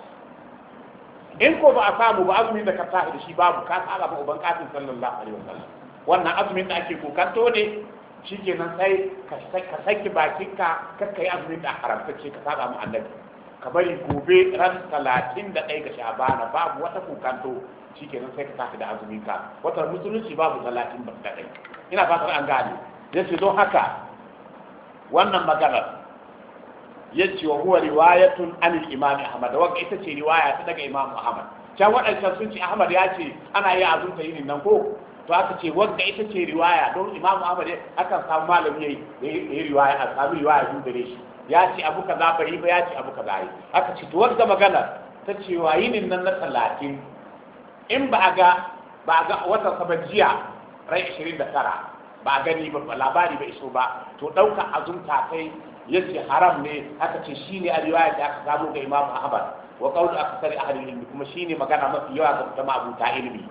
in ko ba a samu ba azumin da ka tahi da shi babu ka tsara ba uban kafin sallallahu alaihi wa sallam wannan azumin da ake kokanto ne shikenan sai ka saki bakinka kakka yi azumin da haramtacce ka saba mu annabi ka bari gobe ran talatin da ɗaya ga shabana babu wata kokanto shikenan sai ka tafi da azumin ka wata musulunci babu talatin ba kadai ina fatar an gane yace don haka wannan maganar yace wa huwa riwayatun an imam ahmad wa ita ce riwaya ta daga imam ahmad can waɗancan sun ce ahmad ya ce ana yi azumta yinin nan ko to aka ce wanda ita ce riwaya don imamu ahmad aka samu malami yayi yayi riwaya a samu riwaya biyu gare shi ya ce abu kaza bari ba ya ce abu kaza yi aka ce to wanda magana ta cewa yinin nan na talatin in ba a ga ba a ga watan ba jiya rai 29 ba a gani ba labari ba iso ba to ɗauka azumta kai yace haram ne haka ce shine a riwaya da aka samu ga Imam Ahmad wa qawlu akthari ahli ilmi kuma shine magana mafi yawa ga jama'a abuta ilmi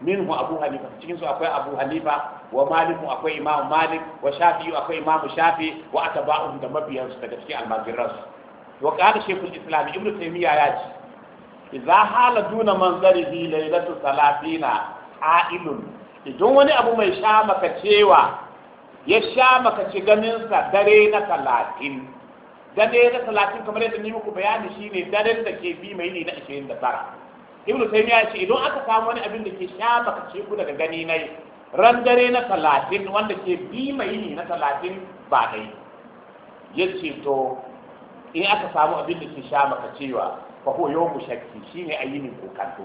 minhu Abu Hanifa cikin su akwai Abu Hanifa wa Malik akwai Imam Malik wa shafi akwai Imam Shafi wa atba'uhum da mabiyansu daga cikin almajiransu wa qala shaykhul islam ibnu taymiya ya ce idza hala duna manzarihi lailatu salatina ailun idan wani abu mai sha maka cewa ya sha maka ci ganin sa dare na talatin dare na talatin kamar yadda ni muku bayani shine dare da ke bi mai ne na 29 ibnu taymiya ya ce idan aka samu wani abin da ke sha maka ce ku daga gani nai ran dare na talatin wanda ke bi mai ne na talatin ba dai ya ce to in aka samu abin da ke sha maka cewa fa huwa yawmu shakki shine ayyinin kokanto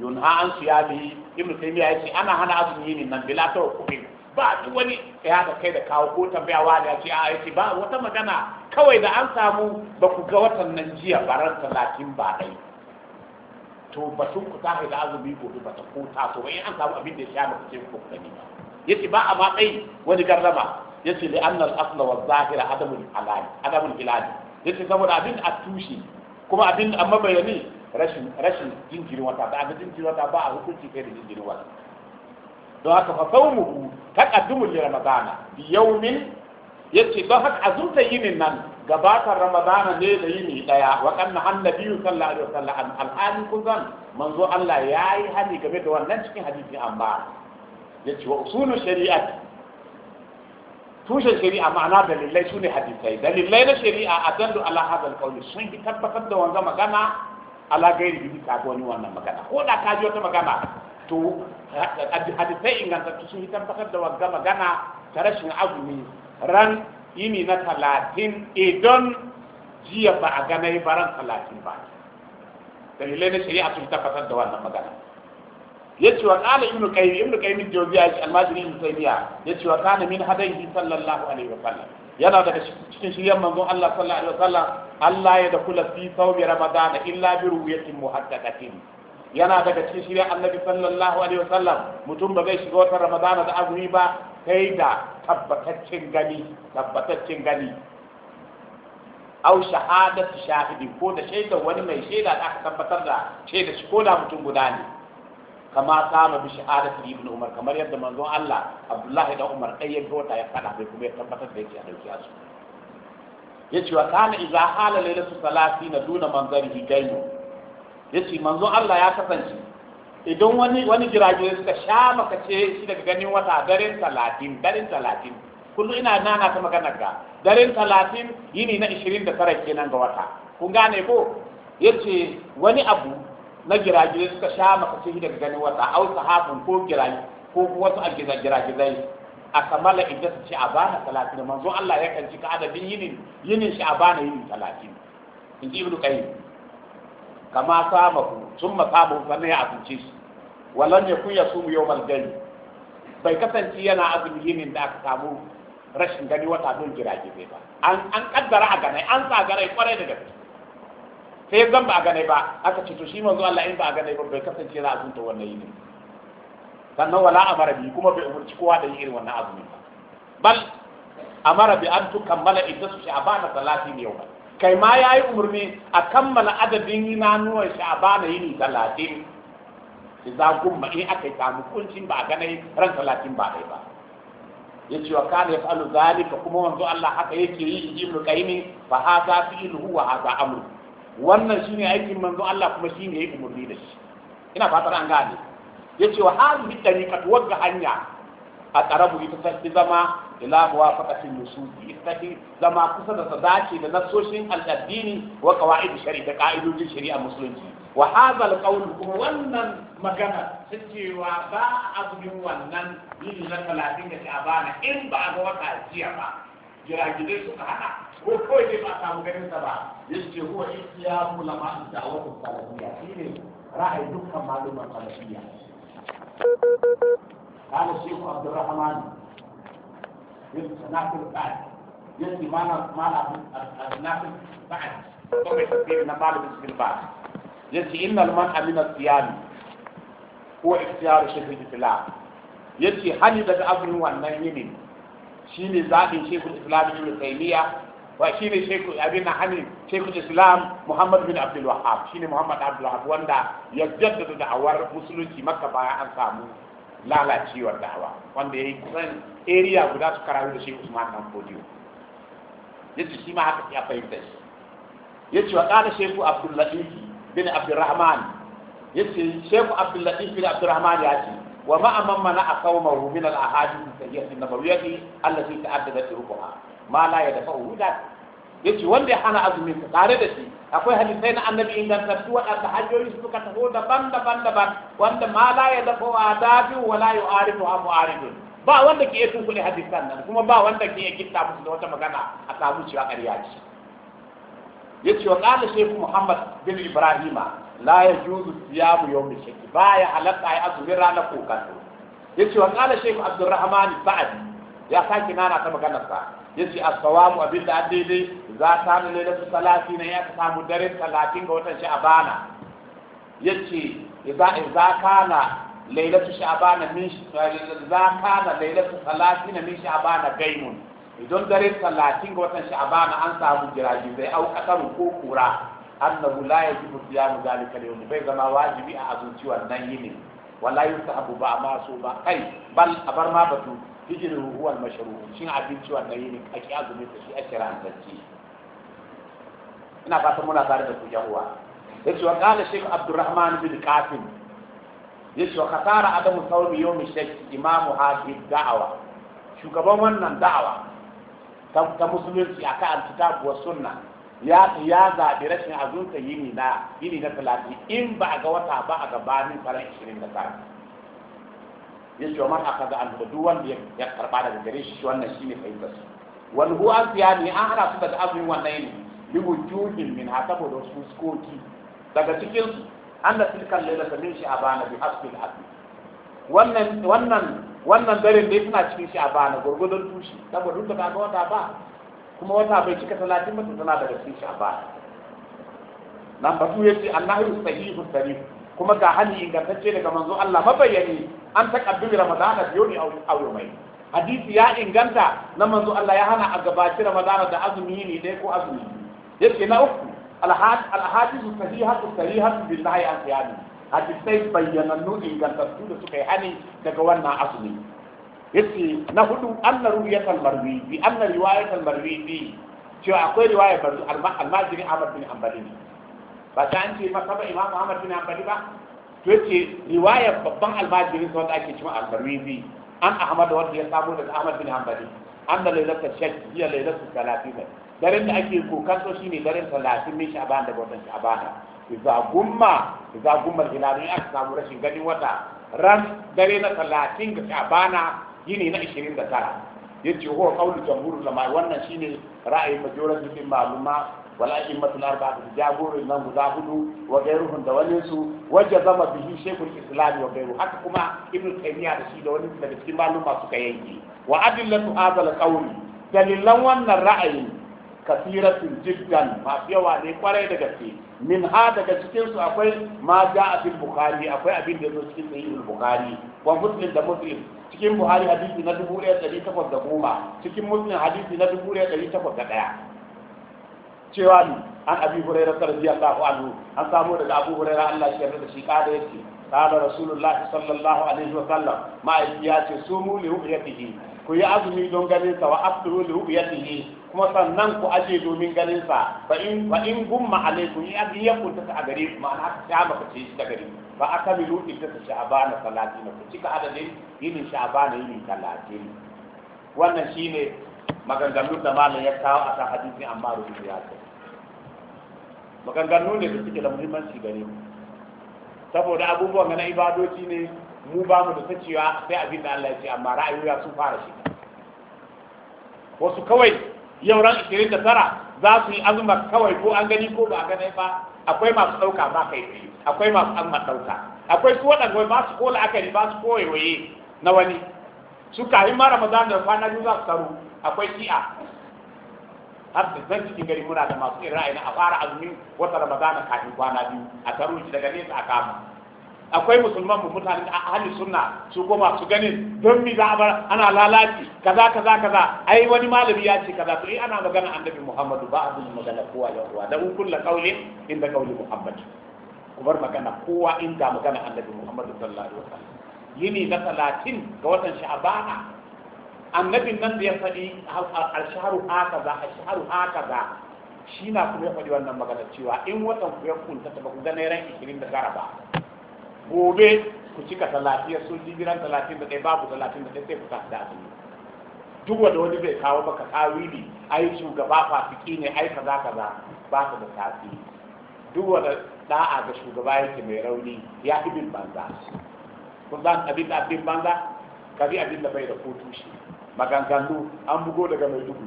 yunha an siyami ibnu taymiya yace ana hana azumi yinin nan bila ta hukumin ba duk wani ya haka kai da kawo ko tambayawa da ce a yace ba wata magana kawai da an samu ba ku ga watan nan jiya baran talatin ba dai to batun ku ta da azumi gobe ba ta ko ta so in an samu abin da ya sha ku ce ku gani ba yace ba a ma kai wani garrama yace li anna al asla wa adamul adamul hilal yace saboda abin a tushe kuma abin amma bayani rashin rashin jinjirin wata ba abin jinjirin wata ba a hukunci kai da jinjirin wata don haka fa saumuhu taqaddumul li ramadana bi yawmin yace don haka azumta yinin nan gabatar ramadana ne da yini daya wa kanna annabiyyu sallallahu alaihi wasallam alhali kun zan manzo Allah yayi hali game da wannan cikin hadisi amma yace wa usulu shari'ati tushen shari'a ma'ana dalilai su ne hadisai dalilai na shari'a a dandu ala hadal kauli sun fi tabbatar da wanga magana ala gairi bibi ka wani wannan magana ko da ka ji wata magana to hadisai ingantattu sun fi tabbatar da wanga magana ta rashin azumi ran yini na talatin idan jiya ba a ganai baran talatin ba dalilai na shari'a sun tabbatar da wannan magana yace wa qala ibn qayyim ibn qayyim jawziya al-majri ibn taymiya yace wa kana min hadayhi sallallahu alaihi wa sallam yana daga cikin shiryan manzon Allah sallallahu alaihi wa sallam Allah ya da kula fi sawmi ramadan illa bi ru'yatin muhaddaqatin yana daga cikin shiryan annabi sallallahu alaihi wa sallam mutum ba zai shiga wata ramadana da azumi ba sai da tabbataccen gani tabbataccen gani au shahadatu shahidi ko da shaidar wani mai shaida da aka tabbatar da shaida shi ko da mutum guda ne kama kama bi shahadati ibn umar kamar yadda manzon Allah Abdullahi da Umar kai ya gota ya fada bai kuma ya tabbatar da yake a dauki asu yace wa kana idza hala lailatu salatina duna manzarihi gaimu yace manzon Allah ya kasance idan wani wani jirage suka sha maka ce shi daga ganin wata daren talatin daren talatin kullum ina nana ta magana ga daren talatin yini na ishirin da tara kenan ga wata kun gane ko yace wani abu na girage suka sha shi daga ganin wata au sahabun ko girage ko wasu girage a kamala inda su ce a bana talatin manzo Allah ya kan ka adadin yinin yinin shi a bana yinin talatin in ji ibnu qayyim kama sama ku summa sama sani ya azuce shi walan su mu yawmal gani bai kasance yana azumi yinin da aka samu rashin gani wata don girage ba an kaddara a ganai an sa garai kwarai da gaske sai zan ba a gane ba aka ce to shi manzo Allah in ba a gane ba bai kasance za a sunta wannan yini sannan wala amara bi kuma bai umurci kowa da yin irin wannan azumi ba bal amara bi an tukammala iddatu talatin yau ba. kai ma yayi umurni a kammala adadin na sha'bana yini talatin za ku ma in aka samu kuncin ba a gane ran talatin ba dai ba yace wa kana yaf'alu zalika kuma manzo Allah haka yake yi ibnu qayyim fa hadha fi'luhu wa hadha amru wannan shine aikin manzo Allah kuma shine yayi umurni da shi ina fatar an gane yace wa hadhihi tariqat wagga hanya a karabu ita ta zama ila muwafaqatin nususi ita ta zama kusa da sadaki da nasoshin al-addini wa qawaid shari'a da ka'idojin shari'a musulunci wa hadha al kuma wannan magana ta cewa ba a gudun wannan yin na 30 da ta in ba a ga wata jiya ba jiragidai suka hada ko kawai ne ba samu ganin sa ba yace huwa ihtiyamu lama da'watu salafiyya shine ra'ayi dukkan malumar salafiyya قال الشيخ عبد الرحمن بن ناصر بعد يأتي ما ما ناصر بعد طبعا كثير من مال بن بعد يأتي إن المنع من الصيام هو اختيار شيخ الإسلام يأتي هل بدأ أبن والنيم شيني زاد شيخ الإسلام ابن تيمية wa shi ne shekul abin na hani shekul islam muhammad bin abdul wahab shi ne muhammad abdul wahab wanda ya jaddada da'awar musulunci makka baya an samu lalacewar da'awa wanda ya yi kusan area guda su karawi da shekul usman dan fodiyo ya ce shi ma haka ya fahimta shi ya wa ƙada sheku abdul latif bin abdul rahman ya ce abdul latif bin abdul rahman ya ce wa ma'a man mana a kawo mahu min al-ahadith sayyidin nabawiyyati allati ta'addadat rukuha ma la ya dafa wuda ce wanda ya hana azumin ka tare da shi akwai hadisai na annabi ingantattu waɗanda su suka taho daban daban daban wanda ma la ya dafa wa dafi wa la yu'aridu ha mu'aridun ba wanda ke iya tunkuɗe hadisan nan kuma ba wanda ke iya ta musu da wata magana a samu cewa ƙarya ce ce wa qala shaykh muhammad bin ibrahima la ya yajuzu siyamu yawm ba baya halatta ya azumin ranar kokan yace wa qala shaykh abdurrahman sa'di ya sake nana ta maganar sa yace as-sawamu abinda an daidai za ta ne lailatu salati ne ya samu dare 30 ga watan sha'bana yace idza idza kana lailatu sha'bana min idza kana lailatu salati min sha'bana gaimun idan dare 30 ga watan sha'bana an samu jiraji zai au kasaru ko kura annahu la yajibu siyamu zalika yawm bai zama wajibi a azuci wannan yini wala yusahabu ba ma so ba kai bal abar ma batu bijirin ruwan masharu cin abinci wannan yini ne ake azumi ta shi ake rantacce ina fatan muna tare da ku Ya ce wa qala shek abdurrahman bin kafin, ya ce wa khatara adamu yau mai shek imamu hafi da'awa shugaban wannan da'awa ta musulunci a kan kitabu wa sunna ya ya zaɓi rashin azunta yini na yini na talatin in ba a ga wata ba a gabanin faran 29 yace man ga an duk wanda ya karba daga gare shi wannan shine fahimtar su wal huwa siyani an hana su daga azumin wannan yini bi wujuhin min hasabu da su suskoki daga cikin anna tilka lailata min shi abana bi hasbil asli wannan wannan wannan dare dai suna cikin shi abana gurgudun tushi saboda duk da kaga wata ba kuma wata bai cika talatin ba tana daga cikin shi abana nan batu yace annahu sahihu sarihu kuma ga hali ingantacce daga manzo Allah mabayyani an taqaddimi ramadana biyo yoni au mai. hadisi ya inganta na manzo Allah ya hana a gabaci ramadana da azumi ne dai ko azumi yake na uku alhadisu sahihatu sarihatu billahi an bayyana hadisai inganta su da suka yi hani daga wannan azumi yace na hudu anna ruyatal marwi bi anna riwayatal marwi bi cewa akwai riwaya barzu almajiri Ahmad bin Hanbali ba ta an ce masa ba imam ahmad bin hanbali ba to yace riwayar babban almajirin wanda ake cewa al-barmizi an ahmad wanda ya samu daga ahmad bin hanbali an da lailata shak ya lailata salafi ne daren da ake kokanto shine daren salatin min sha'ban da watan sha'ban idza gumma idza gumma hilalu ya samu rashin ganin wata ran dare na talatin ga sha'ban yini na 29 yace huwa qawlu jamhurul ulama wannan shine ra'ayin majority din maluma wal a'immatul arba'a da jagorin nan guda hudu wa gairuhum da wani su wajen zama bihi shaykhul islam wa gairu haka kuma ibnu taymiya da shi da wani daga cikin maluma suka yanke wa adillatu hadal qawli dalilan wannan ra'ayin kasiratun jiddan masu yawa ne kwarai da gaske min ha daga cikin su akwai ma ja abin bukhari akwai abin da zo cikin sahihul bukhari wa muslim da muslim cikin buhari hadisi na 1810 cikin muslim hadisi na 1801 cewa ne an abi hurairah radiyallahu anu an samu daga abu hurairar Allah shi yarda shi kada yake kada rasulullahi sallallahu alaihi wa sallam ma'aiki ya ce mu li ru'yatihi ku yi azumi don ganin sa wa afdiru li ru'yatihi kuma sannan ku aje domin ganin sa fa in fa in gumma alaikum ya bi ya kunta a gare ku ma'ana ta maka ce shi da gare fa akamilu ittata sha'bana salatina ku cika adadin yinin sha'bana yinin talatin wannan shine maganganun da malam ya kawo a kan hadisi amma rubutu ya ce maganganu ne da suke da muhimmanci gare mu saboda abubuwan na ibadoci ne mu ba mu da ta cewa sai abin da Allah ya ce amma ra'ayoyi sun fara shi. wasu kawai yau ran 29 za su yi azumar kawai ko an gani ko ba a gani ba akwai masu ɗauka ba kai tsaye akwai masu an ɗauka akwai su waɗanda ba su kola akari ba su koyewaye na wani su kafin mara mazan da kwana biyu za su taru akwai shi'a har da zan cikin gari muna da masu irin ra'ayi a fara azumi wata ramadana kafin kwana biyu a taro shi daga nesa a kama akwai musulman mu mutane a ahli sunna su goma su ganin don mi za a bar ana lalaci kaza kaza kaza ai wani malami ya ce kaza to eh ana magana annabi Muhammadu ba a magana kowa ya ruwa da kullu qaulin inda qauli Muhammad ku bar magana kowa inda magana annabi Muhammadu sallallahu alaihi wasallam yini da 30 ga watan sha'abana annabin nan da ya faɗi al-shahru a al haka za shi na kuma ya faɗi wannan magana cewa in watan ku ya kunta ta ku ga ran gara ba gobe ku cika talafiya sun talatin da ɗaya, babu ɗaya sai ku tafi da su duk wanda wani bai kawo maka a ai shugaba fafiki ne ai kaza kaza ba ka da tafi duk wanda da'a ga shugaba yake mai rauni ya fi bin banza kun san abin da abin banza ka bi abin da bai da ko tushe Maganganu an bugo daga mai duhu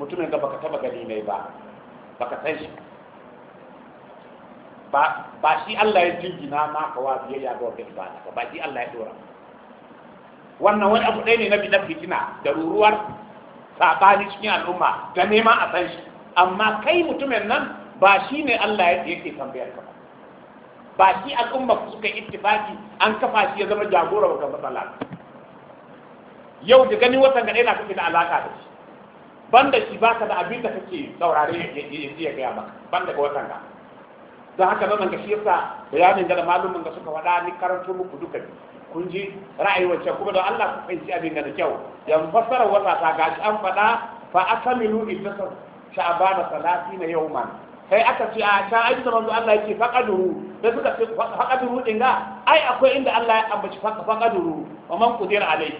mutumin da baka taba gani mai ba baka san shi ba shi Allah ya jingina maka wa ya ga wata ibada ba shi Allah ya dora wannan wani abu ɗaya ne na bidan fitina da ruruwar sabani cikin al'umma da nema a san shi amma kai mutumin nan ba shi ne Allah ya yake tambayar ka ba shi al'umma suka ittifaki an kafa shi ya zama jagora ga matsala yau da gani watan gane na kake da alaka da shi banda shi baka da abin da kake saurare ya ya gaya maka banda ga watan ga don haka nan ga shi yasa bayanin da malumin ga suka faɗa ni karanto muku duka kun ji ra'ayi wancan kuma don Allah ku fahimci abin da kyau Yan fassarar wata ta shi an faɗa fa asamilu iddasa sha'ban 30 yawman Sai aka ce a ta aji da manzo Allah yake faqaduhu da suka ce faqaduhu din ga ai akwai inda Allah ya ambaci faqaduhu wa man qudira alai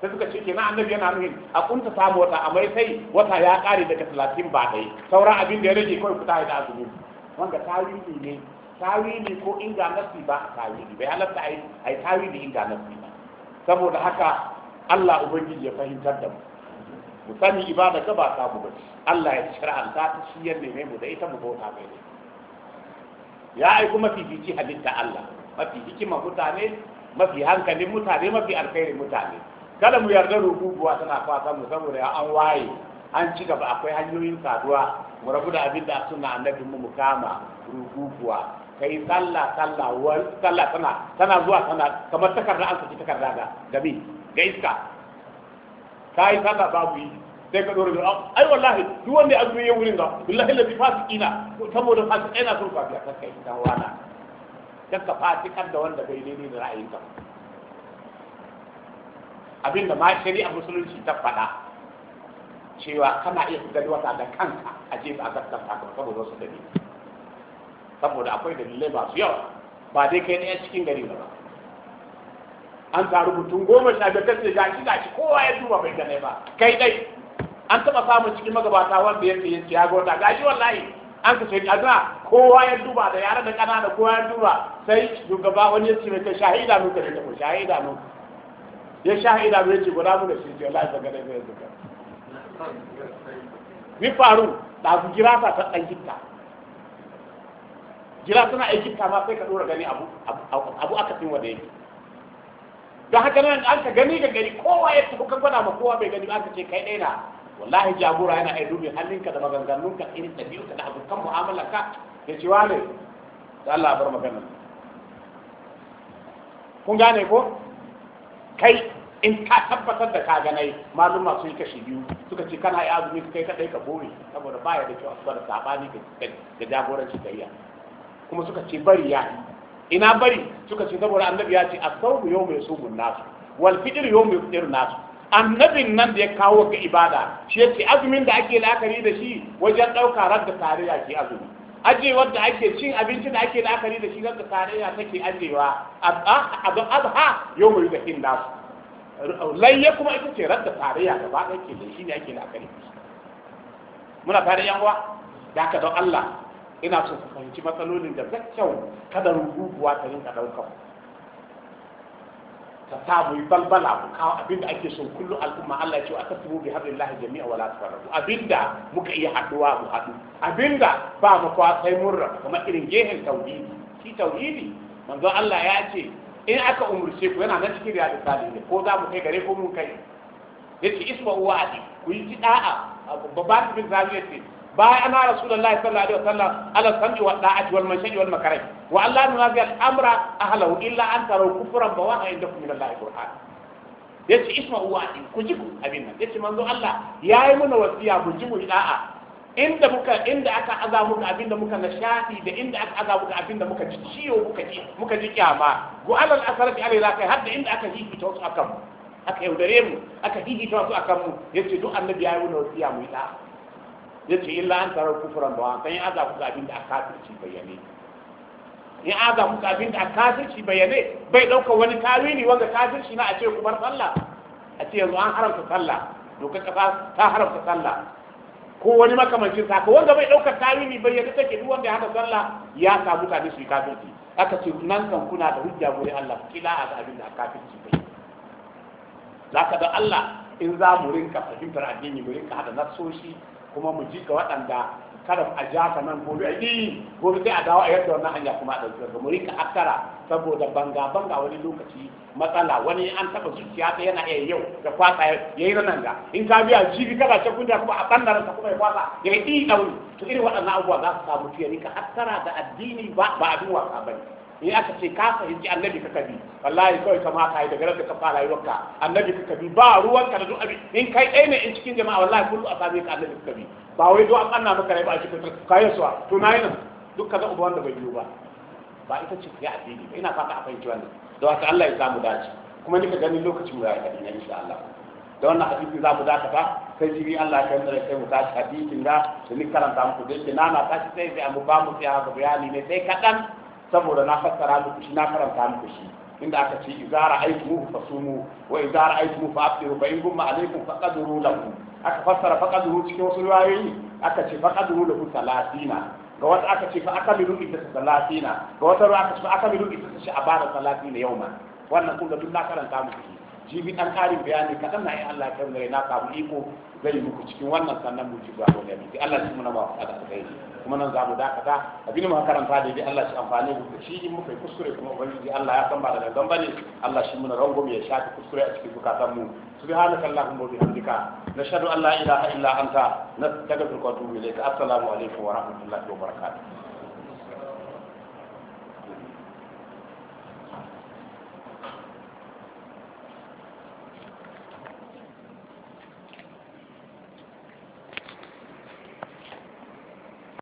sai suka ce kenan annabi yana nuhin a kunta samu wata amma sai wata ya kare daga talatin ba ɗaya sauran abin da ya rage kawai fita da azumi wanda tawili ne tawili ko inga nasi ba a tawili bai halatta a yi tawili inga nasi ba saboda haka Allah ubangiji ya fahimtar da mu mu sani ibada ka ba ta mu ba Allah ya shar'anta ta shi yanne ne mu da ita mu bauta mai ne ya aiko mafifici halitta Allah mafi hikima mutane mafi hankalin mutane mafi alkhairin mutane kada mu yarda rububuwa tana fata mu saboda an waye an ci gaba akwai hanyoyin saduwa mu rabu da abin da suna annabi mu kama rububuwa kai sallah sallah wal sallah tana tana zuwa tana kamar takarda an saki takarda ga gabi ga iska kai sallah babu yi sai ka dora da ai wallahi duk wanda ya ya wurin ga billahi la fasiqina saboda fasikina sun fafiya kai ta wana kakka fasikar da wanda bai daidai da ra'ayin abinda ma shari'a musulunci ta faɗa cewa kana iya fitar wata da kanka a jefa a gaskan takama saboda wasu dalilai saboda akwai dalilai masu yawa ba dai kai ɗaya cikin gari ba an taru mutum goma sha biyar ga shi gashi kowa ya duba bai gane ba kai dai an taɓa samun cikin magabata wanda ya ce ya gota gashi wallahi an ka ce kaza kowa ya duba da yara da ƙanana kowa ya duba sai shugaba wani ya ce mai kai shahida nuka ne ko shahida mu ya sha ina bai ce guda mu da shi ce wallahi daga da yanzu ka ni faru da ku jira ta ta dan gitta jira tana aiki ta ma sai ka dora gani abu abu aka fin wanda yake don haka nan an ka gani ga gari kowa ya tafi kan gwada ma kowa bai gani ka ce kai ɗaya na wallahi jagora yana ai dubi halinka da maganganunka irin ɗabi'unka da abokan mu'amalarka ya ci ne. da Allah bar maganar kun gane ko kai in ka tabbatar da ka ganai maluma sun kashi biyu suka ce kana yi azumi kai kadai ka bore saboda baya da kyau asuwa sabani da jagoranci gariya kuma suka ce bari ya ina bari suka ce saboda annabi ya ce asawu yau mai sumun nasu wal fitr yau mai fitr nasu annabin nan da ya kawo ga ibada shi ya ce azumin da ake la'akari da shi wajen ɗauka rar da ya ke azumi Ajewa da ake cin abinci da ake la'akari da shi na da tarayya take ajewa abin adha yau mai zakin nasu layya kuma ita ce radda tarayya da ba ke da shi ne ake la'akari muna tare yan uwa da aka don Allah ina son su fahimci matsalolin da zai kyau kada rububuwa ta rinka ɗaukar ta sa mu yi balbala ku kawo abinda ake son kullum al'umma Allah ya ce atasimu bi hablillahi jami'a wala tafarraqu abinda muka iya haduwa mu hadu abinda ba mu kwa sai mun rabu kamar irin gehen tauhidi shi tauhidi manzo Allah ya ce in aka umurce ku yana na cikin riyadu salihin ko za mu kai gare ko mun kai yace isma uwa adi ku yi da'a babban bin zaliyati باي أنا رسول wa صلى الله عليه وسلم على السمع والطاعة والمنشد والمكره وأن لا ننازع الأمر أهله إلا أن تروا كفرا بواها عندكم من الله برهان yace isma'u wa'in ku ji ku abin nan yace manzo Allah yayi muna wasiya mu ji mu da'a inda muka inda aka aza muka abinda muka nashadi da inda aka aza muka abinda muka ji ciwo muka ji muka ji kyama go alal asarati alai la kai hadda inda aka hihi ta wasu akan aka yaudare mu aka hihi ta wasu akan mu yace duk annabi yayi wannan wasiya mu ya ce illa an tarar kufuran ba san ya aza kuka abin da a kafirci bayyane ya aza kuka abin da a kafirci bayyane bai ɗauka wani tawili wanda kafirci na a ce kumar sallah a ce yanzu an haramta sallah dokar kasa ta haramta sallah ko wani makamancin saka wanda bai ɗaukar tawili bayyane take duk wanda ya haɗa sallah ya sa mutane su yi kafirci aka ce nan kan kuna da hujja wurin Allah kila a abin da a kafirci bayyane za ka da Allah in za mu rinka fahimtar addini mu rinka haɗa nasoshi kuma mu ji ga waɗanda kada a ja ka nan gobe a yi gobe sai a dawo a yadda wannan hanya kuma a ɗauki ga mu rika akara saboda banga banga wani lokaci matsala wani an taɓa zuciya ta yana iya yau da kwasa ya yi nan ga in ka biya jibi kada ta kunja kuma a ɓangaren ta kuma ya kwasa ya yi ɗi ɗauri to irin waɗannan abubuwa za su samu fiye rika akara da addini ba abin wasa ba ne in aka ce ka fahimci annabi ka kabi wallahi kawai kama ka yi daga da ka fara yi wanka annabi ka kabi ba ruwan ka da duk abin in kai ɗaya ne in cikin jama'a wallahi kullu a ka annabi ka kabi ba wai don an anna maka rai ba a cikin kayan suwa to na yi nan duk kaza uba wanda bai yi ba ba ita ce ya addini ba ina fata a fahimci wannan don haka Allah ya samu dace kuma nika ganin lokacin da ya kaɗi na insha Allah da wannan hadisin za mu dakata sai jibi Allah ya kai sai mu tashi hadisin da da ni karanta muku da na na tashi sai sai mu ba mu sai haka bayani ne sai kaɗan saboda na fassara muku shi na karanta muku shi inda aka ce idza fa sumu wa idza ra'aytumuhu fa'tiru fa in gumma alaykum qadru lakum aka fassara qadru cikin wasu riwayoyi aka ce da ku salatina ga wata aka ce fa akamilu ita salatina ga wata aka ce fa akamilu ita sha'bana salatina yauma wannan kun ga duk na karanta muku shi bi dan karin bayani kadan na in Allah ya kai na samu iko zai muku cikin wannan sannan mu ji ba wani Allah shi muna ba da kai. kuma nan za mu dakata abin mu karanta da bi Allah shi amfani mu shi in muka yi kuskure kuma ubangiji Allah ya san ba da gangan bane Allah shi muna rango ya shafi kuskure a cikin bukatan mu subhanaka allahumma wa bihamdika nashhadu an la ilaha illa anta nastaghfiruka wa atubu ilayk assalamu alaikum wa rahmatullahi wa barakatuh